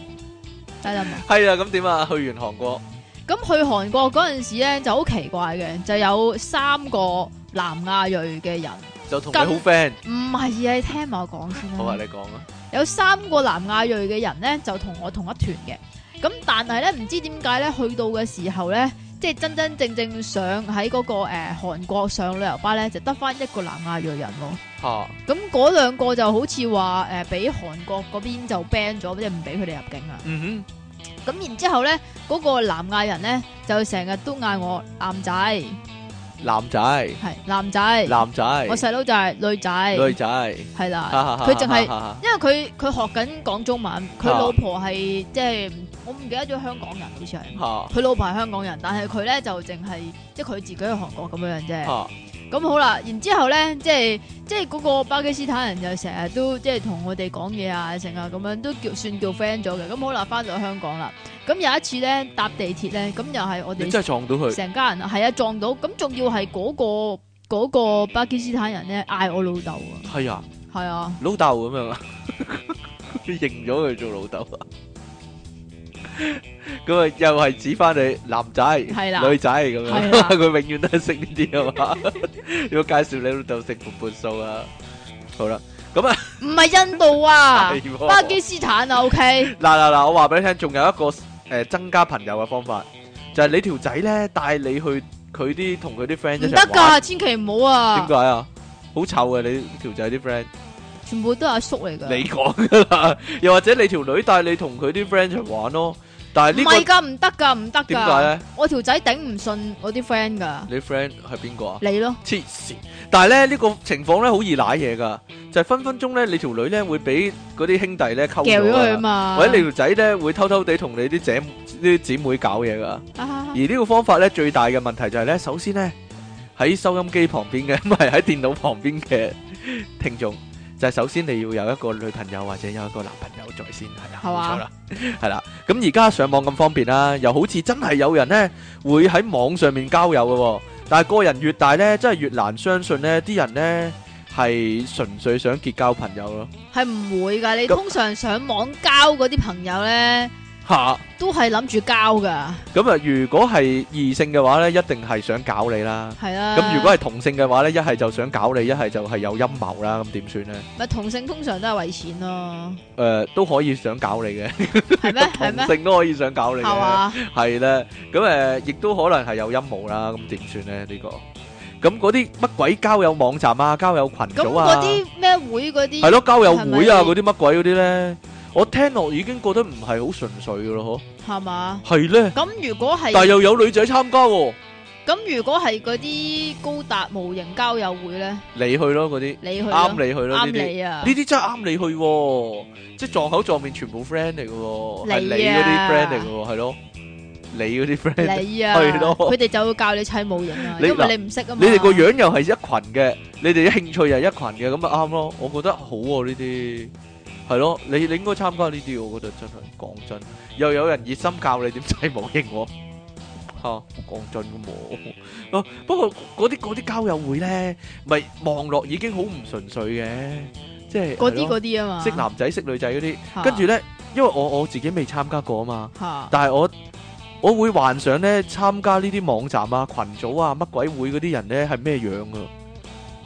得啦嘛。係啊，咁點啊？去完韓國。咁去韓國嗰陣時咧就好奇怪嘅，就有三個南亞裔嘅人，就同你好 friend。唔係啊，你聽我講先。好啊， 你講啊。有三個南亞裔嘅人咧，就同我同一團嘅，咁但係咧，唔知點解咧，去到嘅時候咧。即係真真正正上喺嗰、那個誒呃，韓國上旅遊巴咧，就得返一個南亞裔人咯。吓，咁嗰兩個就好似話誒，俾、呃、韓國嗰邊就 ban 咗，即係唔俾佢哋入境啊。嗯哼。咁然之後咧，嗰、那個南亞人咧就成日都嗌我男仔。男仔係男仔。男仔。我細佬就係女仔。女仔係啦。佢淨係因為佢佢學緊講中文，佢老婆係即係。即係即係我唔記得咗香港人好似係，佢、啊、老婆香港人，但係佢咧就淨係即係佢自己喺韓國咁樣樣啫。咁、啊、好啦，然之後咧，即係即係嗰個巴基斯坦人就成日都即係同我哋講嘢啊，成啊咁樣都叫算叫 friend 咗嘅。咁好啦，翻到香港啦。咁有一次咧，搭地鐵咧，咁又係我哋你真係撞到佢，成家人啊，係啊撞到，咁仲要係嗰個嗰個巴基斯坦人咧嗌我老豆啊，係啊，係啊，老豆咁樣啊，佢認咗佢做老豆啊。咁啊， 又係指翻你男仔係啦，女仔咁樣，佢啦 永遠都係識呢啲啊嘛。 要介紹你老豆食半半數啊。好啦，咁啊，唔 係印度啊， 的巴基斯坦啊。O K，嗱嗱嗱，我話俾你聽，仲有一個誒、呃、增加朋友嘅方法，就係、是、你條仔咧帶你去佢啲同佢啲 friend 唔得噶，千祈唔好啊！點解啊？好臭啊！你條仔啲 friend。全部都係阿叔嚟噶，你講噶啦，又或者你條女帶你同佢啲 friend 去玩咯，但係呢個唔係噶，唔得噶，唔得。點解咧？我條仔頂唔順我啲 friend 噶。你 friend 係邊個啊？你咯。黐線！但係咧呢個情況咧好易瀨嘢噶，就係分分鐘咧你條女咧會俾嗰啲兄弟咧溝到啊，或者你條仔咧會偷偷地同你啲姐啲姊妹搞嘢噶。而呢個方法咧最大嘅問題就係咧，首先咧喺收音機旁邊嘅唔係喺電腦旁邊嘅聽眾。就係首先你要有一個女朋友或者有一個男朋友在先係啊，係啦，咁而家上網咁方便啦，啊，又好似真係有人呢會喺網上面交友嘅，哦，但係個人越大呢，真係越難相信呢啲人呢係純粹想結交朋友咯，係唔會㗎，你通常上網交嗰啲朋友呢。吓，都係諗住交噶。咁啊，如果係異性嘅話咧，一定係想搞你啦。係啦。咁如果係同性嘅話咧，一係就想搞你，一係就係有陰謀啦。咁點算咧？咪同性通常都係為錢咯。誒，都可以想搞你嘅，係咩？係咩？同性都可以想搞你嘅，係嘛？係啦。咁誒，亦都可能係有陰謀啦。咁點算咧？呢個。咁嗰啲乜鬼交友網站啊，交友群組啊，咁嗰啲咩會嗰啲，係咯，交友會啊，嗰啲乜鬼嗰啲咧？我聽落已經覺得唔係好純粹噶啦，嗬係嘛係咧。咁如果係但又有女仔參加喎。咁如果係嗰啲高達模型交友會咧，你去咯嗰啲，你去啱你去咯啱你啊。呢啲真係啱你去，即係撞口撞面全部 friend 嚟噶喎，係你嗰啲 friend 嚟噶喎，係咯，你嗰啲 friend 你啊，係咯，佢哋就會教你砌模型啊，因為你唔識啊嘛。你哋個樣又係一群嘅，你哋啲興趣又係一群嘅，咁啊啱咯，我覺得好喎呢啲。係咯， 你你應該參加呢啲，我覺得真係講真，又有人熱心教你點砌模型喎，吓講、 啊、真嘅冇、啊。不過嗰啲啲交友會咧，咪望落已經好唔純粹嘅，即係嗰啲嗰啲啊嘛，識男仔識女仔嗰啲，跟住咧， 因為我我自己未參加過啊嘛， 但係我我會幻想咧參加呢啲網站啊、群組啊、乜鬼會嗰啲人咧係咩樣啊？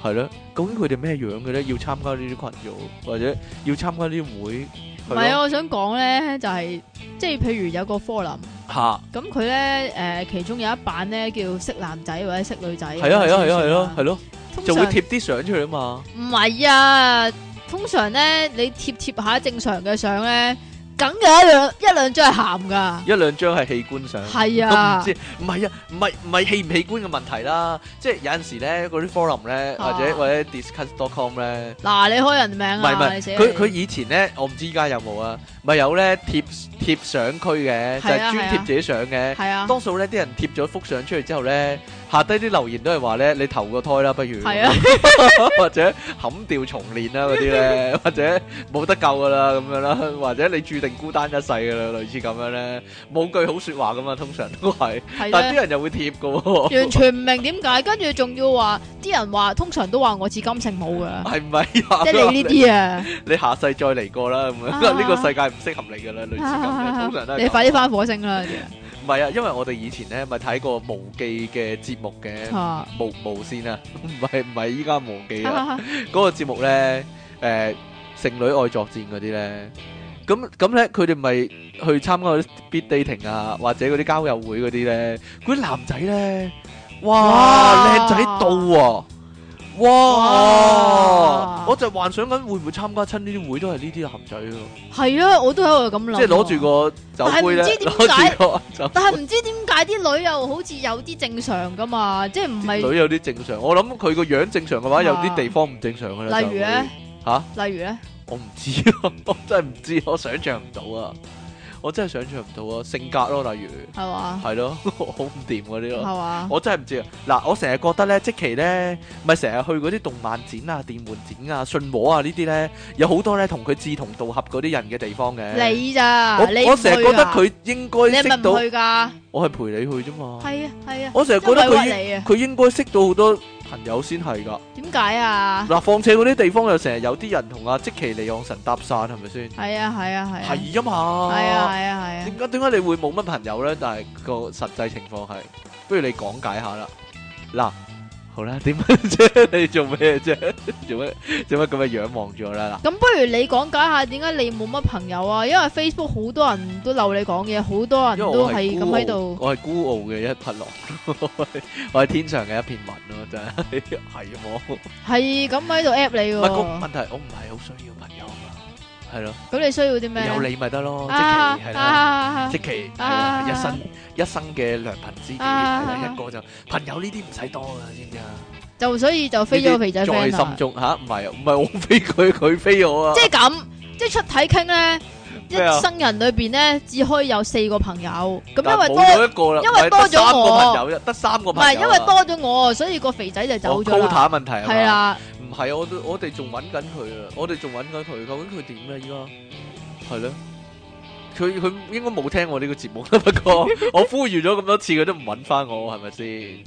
係咯，究竟佢哋咩樣嘅咧？要參加呢啲群組，或者要參加呢啲會？唔係啊，我想講咧，就係、是、即係，譬如有個 forum、um, 啊，吓，咁佢咧誒，其中有一版咧叫識男仔或者識女仔，係啊係啊係啊係咯，係咯，常就會貼啲相出嚟啊嘛。唔係啊，通常咧你貼貼下正常嘅相咧。梗嘅一兩一兩張係鹹噶，一兩張係器官相。係啊，唔知唔係啊？唔係唔係器唔器官嘅問題啦。即係有陣時咧，嗰啲 forum 咧，或者或者 discuss.com dot 咧，嗱、啊、你開人名啊，唔係佢佢以前咧，我唔知依家有冇啊，咪有咧貼貼相區嘅，就係、係、專貼自己相嘅。係啊，啊多數咧啲人貼咗幅相出嚟之後咧。下低啲留言都係話咧，你投個胎啦，不如，或者冚掉重練啦嗰啲咧，或者冇得救噶啦咁樣啦，或者你注定孤單一世噶啦，類似咁樣咧，冇句好說話噶嘛，通常都係，但啲人又會貼噶喎。完全唔明點解，跟住仲要話啲人話，通常都話我似金城武噶。係唔係呀？即係你呢啲啊？你下世再嚟過啦，咁樣呢個世界唔適合你噶啦，類似咁樣，通常都。你快啲返火星啦！唔係啊，因為我哋以前咧咪睇過無記嘅節目嘅無無線啊，唔係唔係依家無記啊，哈哈，嗰 個節目咧誒，剩、呃、女愛作戰嗰啲咧，咁咁咧佢哋咪去參加啲 speed dating 啊，或者嗰啲交友會嗰啲咧，嗰啲男仔咧，哇靚哇仔到喎，啊！哇！哇我就幻想緊會唔會參加親呢啲會都係呢啲男仔咯。係啊，我都喺度咁諗。即係攞住個酒杯咧唔知點解？但係唔知點解啲女又好似有啲正常噶嘛？即係唔係？女有啲正常，我諗佢個樣正常嘅話，啊、有啲地方唔正常嘅。例如咧？吓、啊？例如咧？我唔知啊！ 我真係唔知，我想象唔到啊！我真係想象唔到啊，性格咯，例如係吧啊，係咯，好唔掂嗰啲咯，我真係唔知啊。嗱，我成日覺得咧，積淇咧，咪成日去嗰啲動漫展啊、電玩展啊、信和啊呢啲咧，有好多咧同佢志同道合嗰啲人嘅地方嘅。你咋？我成日覺得佢應該識到。你唔去噶？我係陪你去啫嘛。係啊係啊。啊啊我成日覺得佢佢應該識到好多。朋友先係㗎，點解啊？嗱，況且嗰啲地方又成日有啲人同阿積淇離岸神搭訕，係咪先？係啊，係啊，係啊，係啊嘛，係啊，係啊，係啊。點解點解你會冇乜朋友咧？但係個實際情況係，不如你講解下啦。嗱、啊。好啦，點解你做咩啫？做咩做咩咁樣仰望住我啦？咁不如你講解下點解你冇乜朋友啊？因為 Facebook 好多人都鬧你講嘢，好多人都係咁喺度。我係孤傲嘅一匹狼，我係天上嘅一片雲咯，真係係喎。係咁喺度 at 你喎。唔係個問題，我唔係好需要朋友啊。係咯，咁你需要啲咩？有你咪得咯，即係，係啦，即係一生一生嘅良朋知己，一個就朋友呢啲唔使多噶，知唔知啊？就所以就飛咗個肥仔 friend 啊！在心中嚇，唔係唔係我飛佢，佢飛我啊！即係咁，即係出體傾咧，一生人裏邊咧只可以有四個朋友，咁因為多，因為多咗我，得三個朋友，唔係因為多咗我，所以個肥仔就走咗啦。quota 問題係啊。唔係，我都我哋仲揾緊佢啊！我哋仲揾緊佢，究竟佢點咧？依家係咧，佢佢應該冇聽我呢個節目，不過我呼籲咗咁多次，佢都唔揾翻我，係咪先？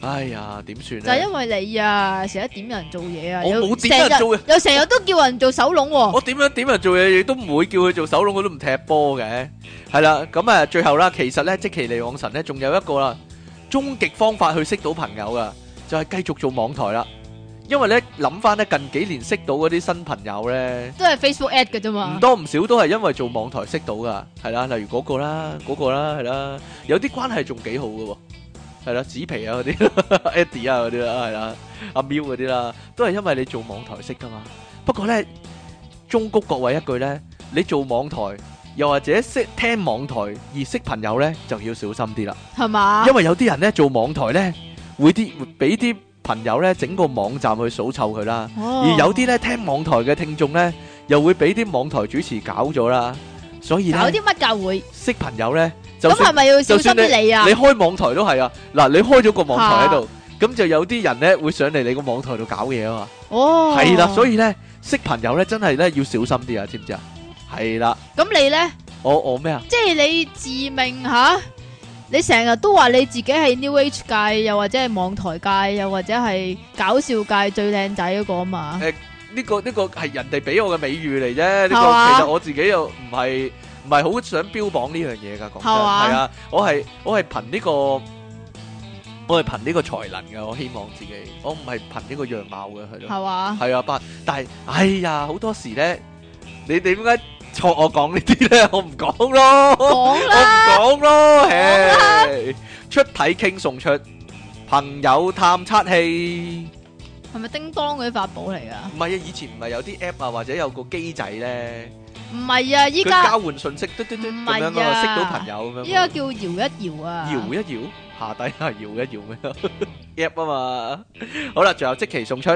哎呀，點算咧？就因為你啊，成日點人做嘢啊，我冇點人做，又成日都叫人做手籠。我點樣點人做嘢，亦都唔會叫佢做手籠，佢都唔踢波嘅。係啦，咁啊，最後啦，其實咧，即積淇離岸神咧，仲有一個啦，終極方法去識到朋友噶，就係繼續做網台啦。因為咧諗翻咧近幾年識到嗰啲新朋友咧，都係 Facebook add 嘅啫嘛，唔多唔少都係因為做網台識到噶，係啦，例如嗰個啦，嗰個啦，係啦，有啲關係仲幾好嘅，係啦，紙皮啊嗰啲，Eddie 啊嗰啲啦，係啦，阿 Miu 嗰啲啦，都係因為你做網台識噶嘛。不過咧，忠告各位一句咧，你做網台又或者識聽網台而識朋友咧，就要小心啲啦，係嘛？因為有啲人咧做網台咧會啲會俾啲。朋友咧，整個網站去數湊佢啦，而有啲咧聽網台嘅聽眾咧，又會俾啲網台主持搞咗啦，所以有啲乜教會識朋友咧，咁係咪要小心啲你啊？你開網台都係啊，嗱你開咗個網台喺度，咁就有啲人咧會上嚟你個網台度搞嘢啊嘛，哦，係啦，所以咧識朋友咧真係咧要小心啲啊，知唔知啊？係啦，咁你咧，我我咩啊？即係你自命嚇。你成日都話你自己係 New Age 界，又或者係網台界，又或者係搞笑界最靚仔嗰個啊嘛？誒、呃，呢個呢個係人哋俾我嘅美譽嚟啫。啊，呢個其實我自己又唔係唔係好想標榜呢樣嘢噶講真係啊，啊，我係我係憑呢個我係憑呢個才能嘅。我希望自己，我唔係憑呢個樣貌嘅，係咯。係啊，係啊，但但係，哎呀，好多時咧，你你點解。錯我講呢啲咧，我唔講咯，我唔講咯，出體 king 送出，朋友探測器係咪叮當嗰啲法寶嚟噶？唔係啊，以前唔係有啲 app 啊，或者有個機仔咧，唔係啊，依家交換信息，嘟嘟嘟咁樣啊，識到朋友咁樣，依個叫搖一搖啊，搖一搖下底係搖一搖咩咯？app 啊嘛，好啦，仲有積淇送出。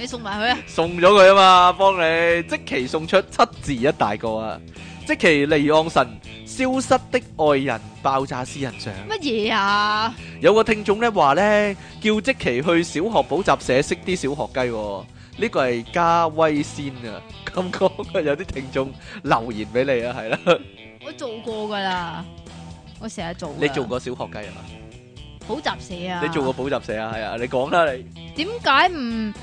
你送埋佢啊！送咗佢啊嘛，幫你積淇送出七字一大個啊！積淇離岸神消失的愛人爆炸私人相乜嘢啊？有個聽眾咧話咧，叫積淇去小學補習社識啲小學雞喎，呢個係加威先啊！咁講有啲聽眾留言俾你啊，係啦，我做過噶啦，我成日做。你做過小學雞啊？補習社啊？你做過補習社啊？係啊，你講啦，你點解唔？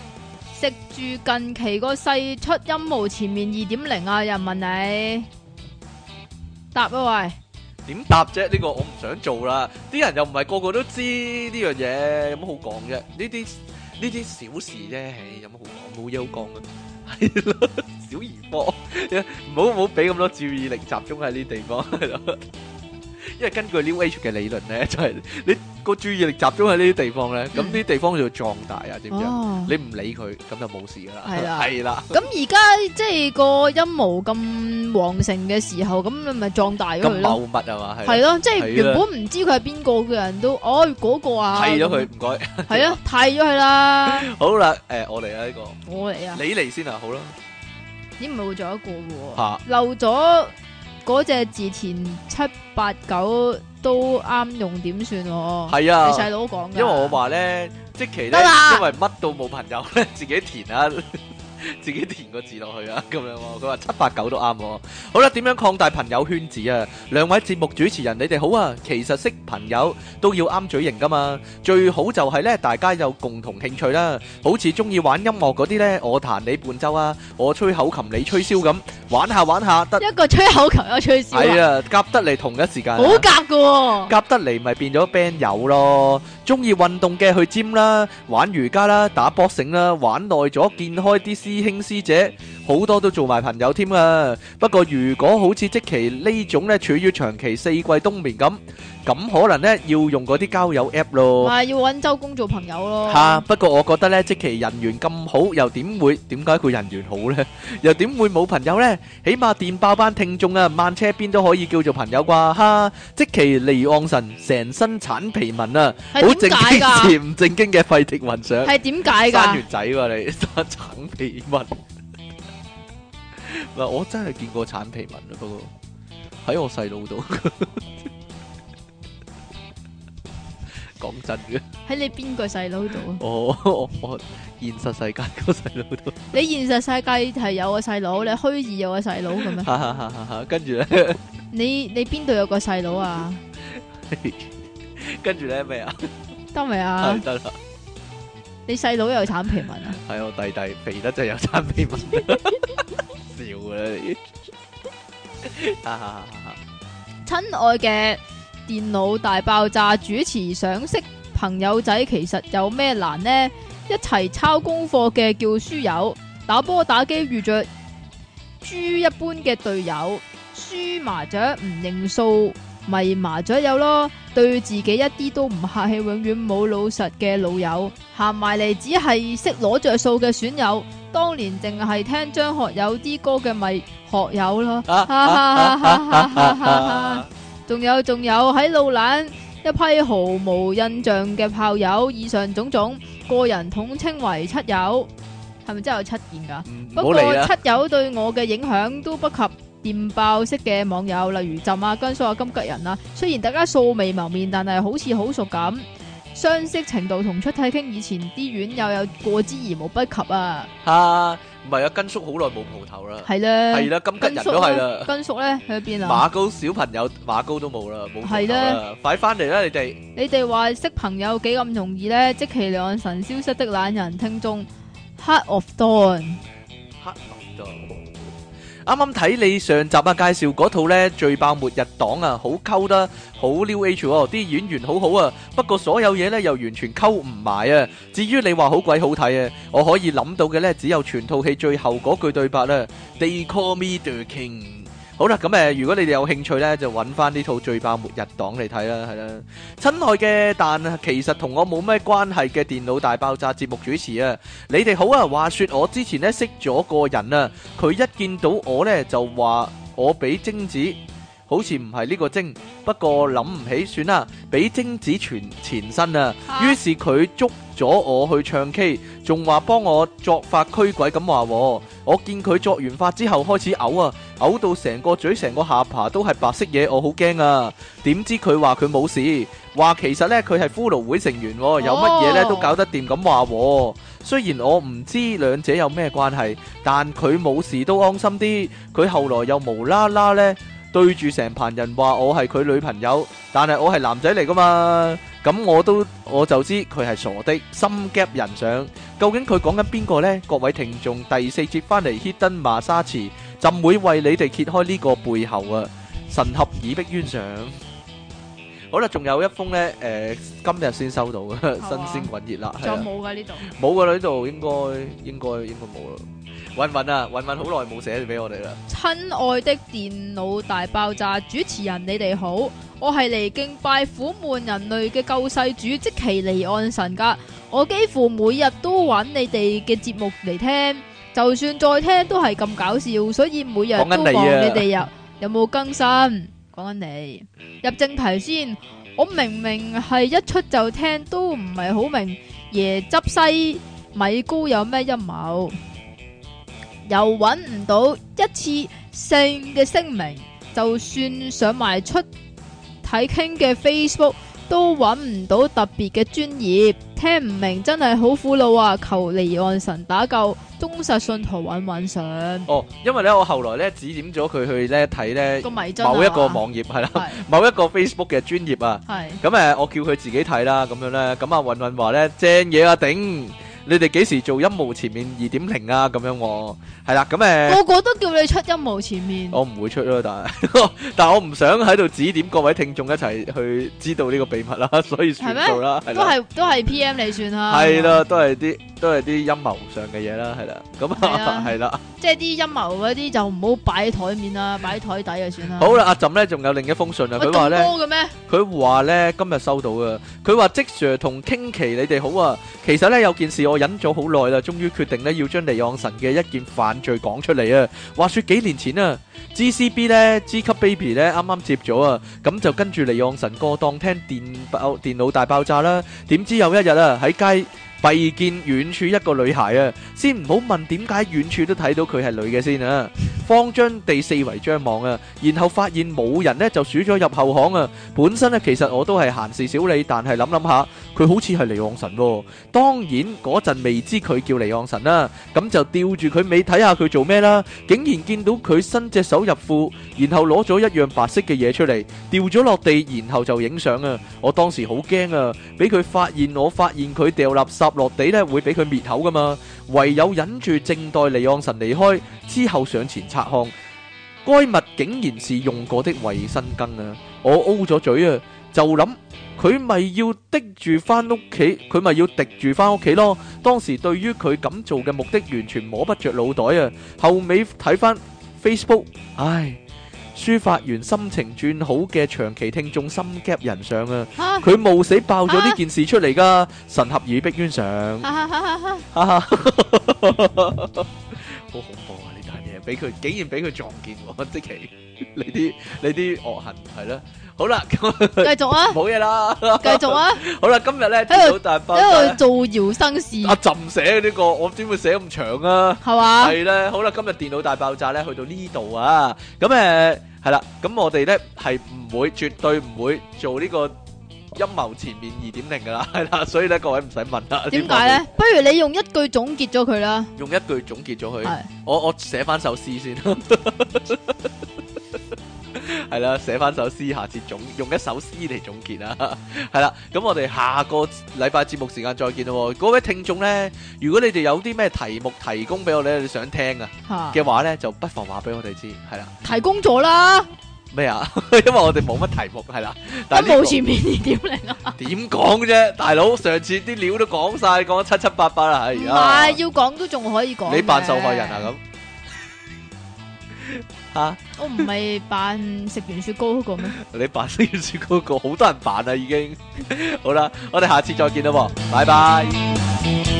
食住近期個世出音模前面二點零啊！又問你答啊，喂，點答啫？呢、這個我唔想做啦。啲人又唔係個個都知呢樣嘢，有乜好講嘅？呢啲呢啲小事啫，哎，有乜好講？冇嘢好講啊，係 咯，小兒科，唔好唔好俾咁多注意力集中喺呢地方， 因為根據 New Age 嘅理論咧，就係你個注意力集中喺呢啲地方咧，咁啲地方就會壯大啊，知唔知？你唔理佢，咁就冇事噶啦。係啦，係啦。咁而家即係個陰謀咁旺盛嘅時候，咁你咪壯大咗佢咯。咁保密係嘛？係咯，即係原本唔知佢係邊個嘅人都，哦，嗰個啊，睇咗佢，唔該。係啊，睇咗佢啦。好啦，誒，我嚟啊，呢個。我嚟啊。你嚟先啊，好啦。咦，唔係會仲有一個嘅？吓。漏咗嗰隻字前七。八九都啱用點算喎？係啊，你細佬講嘅，因為我話咧， 即係咧，對吧 因為乜都冇朋友咧， 自己填啊！ 自己填個字落去啊，咁樣，佢話七八九都啱。好啦，點樣擴大朋友圈子啊？兩位節目主持人，你哋好啊。其實識朋友都要啱嘴型噶嘛，最好就係呢，大家有共同興趣啦。好似中意玩音樂嗰啲呢，我彈你伴奏啊，我吹口琴你吹簫咁玩下玩下，得一個吹口琴一個吹簫，係啊，夾得嚟同一時間好夾噶，夾得嚟咪變咗 band 友咯。中意運動嘅去尖啦，玩瑜伽啦，打 boxing 啦，玩耐咗見開啲。師兄師姐。好多都做埋朋友添啊！不過如果好似積淇呢種咧，處於長期四季冬眠咁，咁可能咧要用嗰啲交友 app 咯。係要揾周公做朋友咯。吓，不過我覺得咧，積淇人緣咁好，又點會？點解佢人緣好咧？又點會冇朋友咧？起碼電爆班聽眾啊，慢車邊都可以叫做朋友啩？吓，積淇離岸神成身橙皮紋啊，好正經，唔正經嘅廢鐵混上。係點解噶？生完仔喎，你生橙皮紋。嗱，我真係見過橙皮紋啊，不過喺我細佬度。講真嘅，喺你邊個細佬度啊？哦，我，我現實世界個細佬度。你現實世界係有個細佬，你虛擬有個細佬咁咩？ 跟住著咧，你你邊度有個細佬啊？跟住咧咩啊？得未啊？你細佬又橙皮紋啊？係我弟弟肥 得真係有橙皮紋。 笑啦、啊、親哈哈 愛嘅電腦大爆炸主持想識朋友仔，其實有咩難呢？一齊抄功課嘅叫書友，打波打機遇着豬一般嘅隊友，輸麻雀唔認數。咪麻雀友咯，對自己一啲都唔客氣，永遠冇老實嘅老友，行埋嚟只係識攞着數嘅損友，當年淨係聽張學友啲歌嘅咪學友咯，仲 有仲有喺路攔一批毫無印象嘅炮友，以上種種，個人統稱為七友，係咪真係有七件噶？嗯、不過七友對我嘅影響都不及。電爆式嘅網友，例如就阿、啊、根叔啊、金吉人啊，雖然大家素未謀面，但係好似好熟咁，相識程度同出體傾以前啲院友有過之而無不及啊！吓、啊，唔係啊，根叔好耐冇蒲頭啦，係啦的，係啦，金吉人都係啦，根叔咧喺邊啊？馬高小朋友，馬高都冇啦，冇係啦，的快翻嚟啦，你哋，你哋話識朋友幾咁容易咧？積淇離岸神消失的懶人聽眾 Heart of Dawn Heart of Dawn。啱啱睇你上集啊，介紹嗰套呢，最爆末日黨啊，好溝得好 new age 喎，啲演員好好啊，不過所有嘢呢又完全溝唔埋啊。至於你話好鬼好睇啊，我可以諗到嘅呢，只有全套戲最後嗰句對白啦，They call me the king。好啦，咁誒，如果你哋有興趣咧，就揾翻呢套《最爆末日黨》嚟睇啦，係啦。親愛嘅，但其實同我冇咩關係嘅電腦大爆炸節目主持啊，你哋好啊。話説我之前咧識咗個人啊，佢一見到我咧就話我俾貞子，好似唔係呢個精，不過諗唔起，算啦，俾貞子全纏身啊。於是佢捉咗我去唱 K，仲話幫我作法驅鬼咁話，我見佢作完法之後開始嘔啊。嘔到成個嘴、成個下巴都係白色嘢，我好驚啊！點知佢話佢冇事，話其實呢，佢係骷髏會成員，哦、有乜嘢呢都搞得掂咁話。雖然我唔知兩者有咩關係，但佢冇事都安心啲。佢後來又無啦啦呢對住成棚人話我係佢女朋友，但係我係男仔嚟噶嘛，咁我都我就知佢係傻的，心急人上。究竟佢講緊邊個呢？各位聽眾第四節翻嚟，h i 希頓瑪沙池。朕會為你哋揭開呢個背後啊！神合以逼冤上，好啦，仲有一封咧，誒，今日先收到嘅，新鮮滾熱辣，就冇噶呢度，冇噶啦呢度，應該應該應該冇啦，韻韻啊，韻韻好耐冇寫俾我哋啦。親愛的電腦大爆炸主持人，你哋好，我係嚟敬拜苦悶人類嘅救世主即積淇離岸神噶，我幾乎每日都揾你哋嘅節目嚟聽。就算再聽都係咁搞笑，所以每日都望你哋有有冇更新。講緊你入正題先，我明明係一出就聽都唔係好明，椰汁西米糕有咩陰謀？又搵唔到一次性嘅聲明，就算上埋出睇傾嘅 Facebook。都揾唔到特別嘅專業，聽唔明真係好苦惱啊！求離岸神打救，忠實信徒揾揾上。哦，因為咧，我後來咧指點咗佢去咧睇咧某一個網頁，係啦的，某一個 Facebook 嘅專業啊。係的。咁誒，我叫佢自己睇啦，咁樣咧，咁啊，雲雲話咧正嘢啊，頂！你哋幾時做陰謀前面二點零啊？咁樣喎，係啦，咁誒，個個都叫你出陰謀前面，我唔會出啦，但係，但係我唔想喺度指點各位聽眾一齊去知道呢個秘密啦，所以算數啦，都係都係 P.M. 你算啦，係啦，都係啲都係啲陰謀上嘅嘢啦，係啦，咁啊，係啦，即係啲陰謀嗰啲就唔好擺喺台面啦，擺喺台底就算啦。好啦，阿朕咧仲有另一封信啊，佢話咧，佢話咧今日收到嘅，佢話即 Sir 同積淇你哋好啊，其實咧有件事我忍咗好耐啦，終於決定咧要將離岸神嘅一件犯罪講出嚟啊！話說幾年前啊，GCB 咧，G Cup Baby 咧，啱啱接咗啊，咁就跟住離岸神過檔聽電爆電，電腦大爆炸啦。點知有一日啊，喺街避見遠處一個女孩啊，先唔好問點解遠處都睇到佢係女嘅先啊！慌張地四圍張望啊，然後發現冇人呢就鼠咗入後巷啊。本身呢，其實我都係閒事少理，但係諗諗下，佢好似係離岸神。當然嗰陣未知佢叫離岸神啦，咁就吊住佢尾睇下佢做咩啦。竟然見到佢伸隻手入褲，然後攞咗一樣白色嘅嘢出嚟，掉咗落地，然後就影相啊！我當時好驚啊，俾佢發現我發現佢掉垃圾落地呢，會俾佢滅口噶嘛。唯有忍住，靜待離岸神離開之後上前。拍胸，該物竟然是用過的衛生巾啊！我 O 咗嘴啊，就諗佢咪要滴住翻屋企，佢咪要滴住翻屋企咯。當時對於佢咁做嘅目的，完全摸不着腦袋啊。後尾睇翻 Facebook，唉，抒發完心情轉好嘅長期聽眾，心急人上啊！佢冒死爆咗呢件事出嚟噶，神合意逼冤上。俾佢竟然俾佢撞見喎，即係你啲你啲惡行係啦，好啦，繼續啊，冇嘢啦，繼續啊，好啦，今日咧電腦大爆炸，因為造謠生事啊，朕寫嘅呢個，我點會寫咁長啊？係嘛，係啦，好啦，今日電腦大爆炸咧，去到呢度啊，咁誒係啦，咁我哋咧係唔會絕對唔會做呢個。陰謀前面二點零噶啦，係啦，所以咧，各位唔使問啦。點解咧？不如你用一句總結咗佢啦。用一句總結咗佢，我我寫翻首詩先，係啦，寫翻首詩，下次總用一首詩嚟總結啦。係啦，咁我哋下個禮拜節目時間再見咯。各位聽眾咧，如果你哋有啲咩題目提供俾我哋，你想聽啊嘅話咧，就不妨話俾我哋知。係啦，提供咗啦。咩啊？ 因為我哋冇乜題目係啦，但係冇、這個啊、前面呢點嚟啊？點講啫，大佬上次啲料都講晒，講七七八八啦，而、哎、家。係？要講都仲可以講。你扮受害人啊咁？吓， 啊、我唔係扮食完雪糕嗰個咩？ 你扮食完雪糕，嗰個，好多人扮啦已經。 好啦，我哋下次再見啦，拜拜，嗯。Bye bye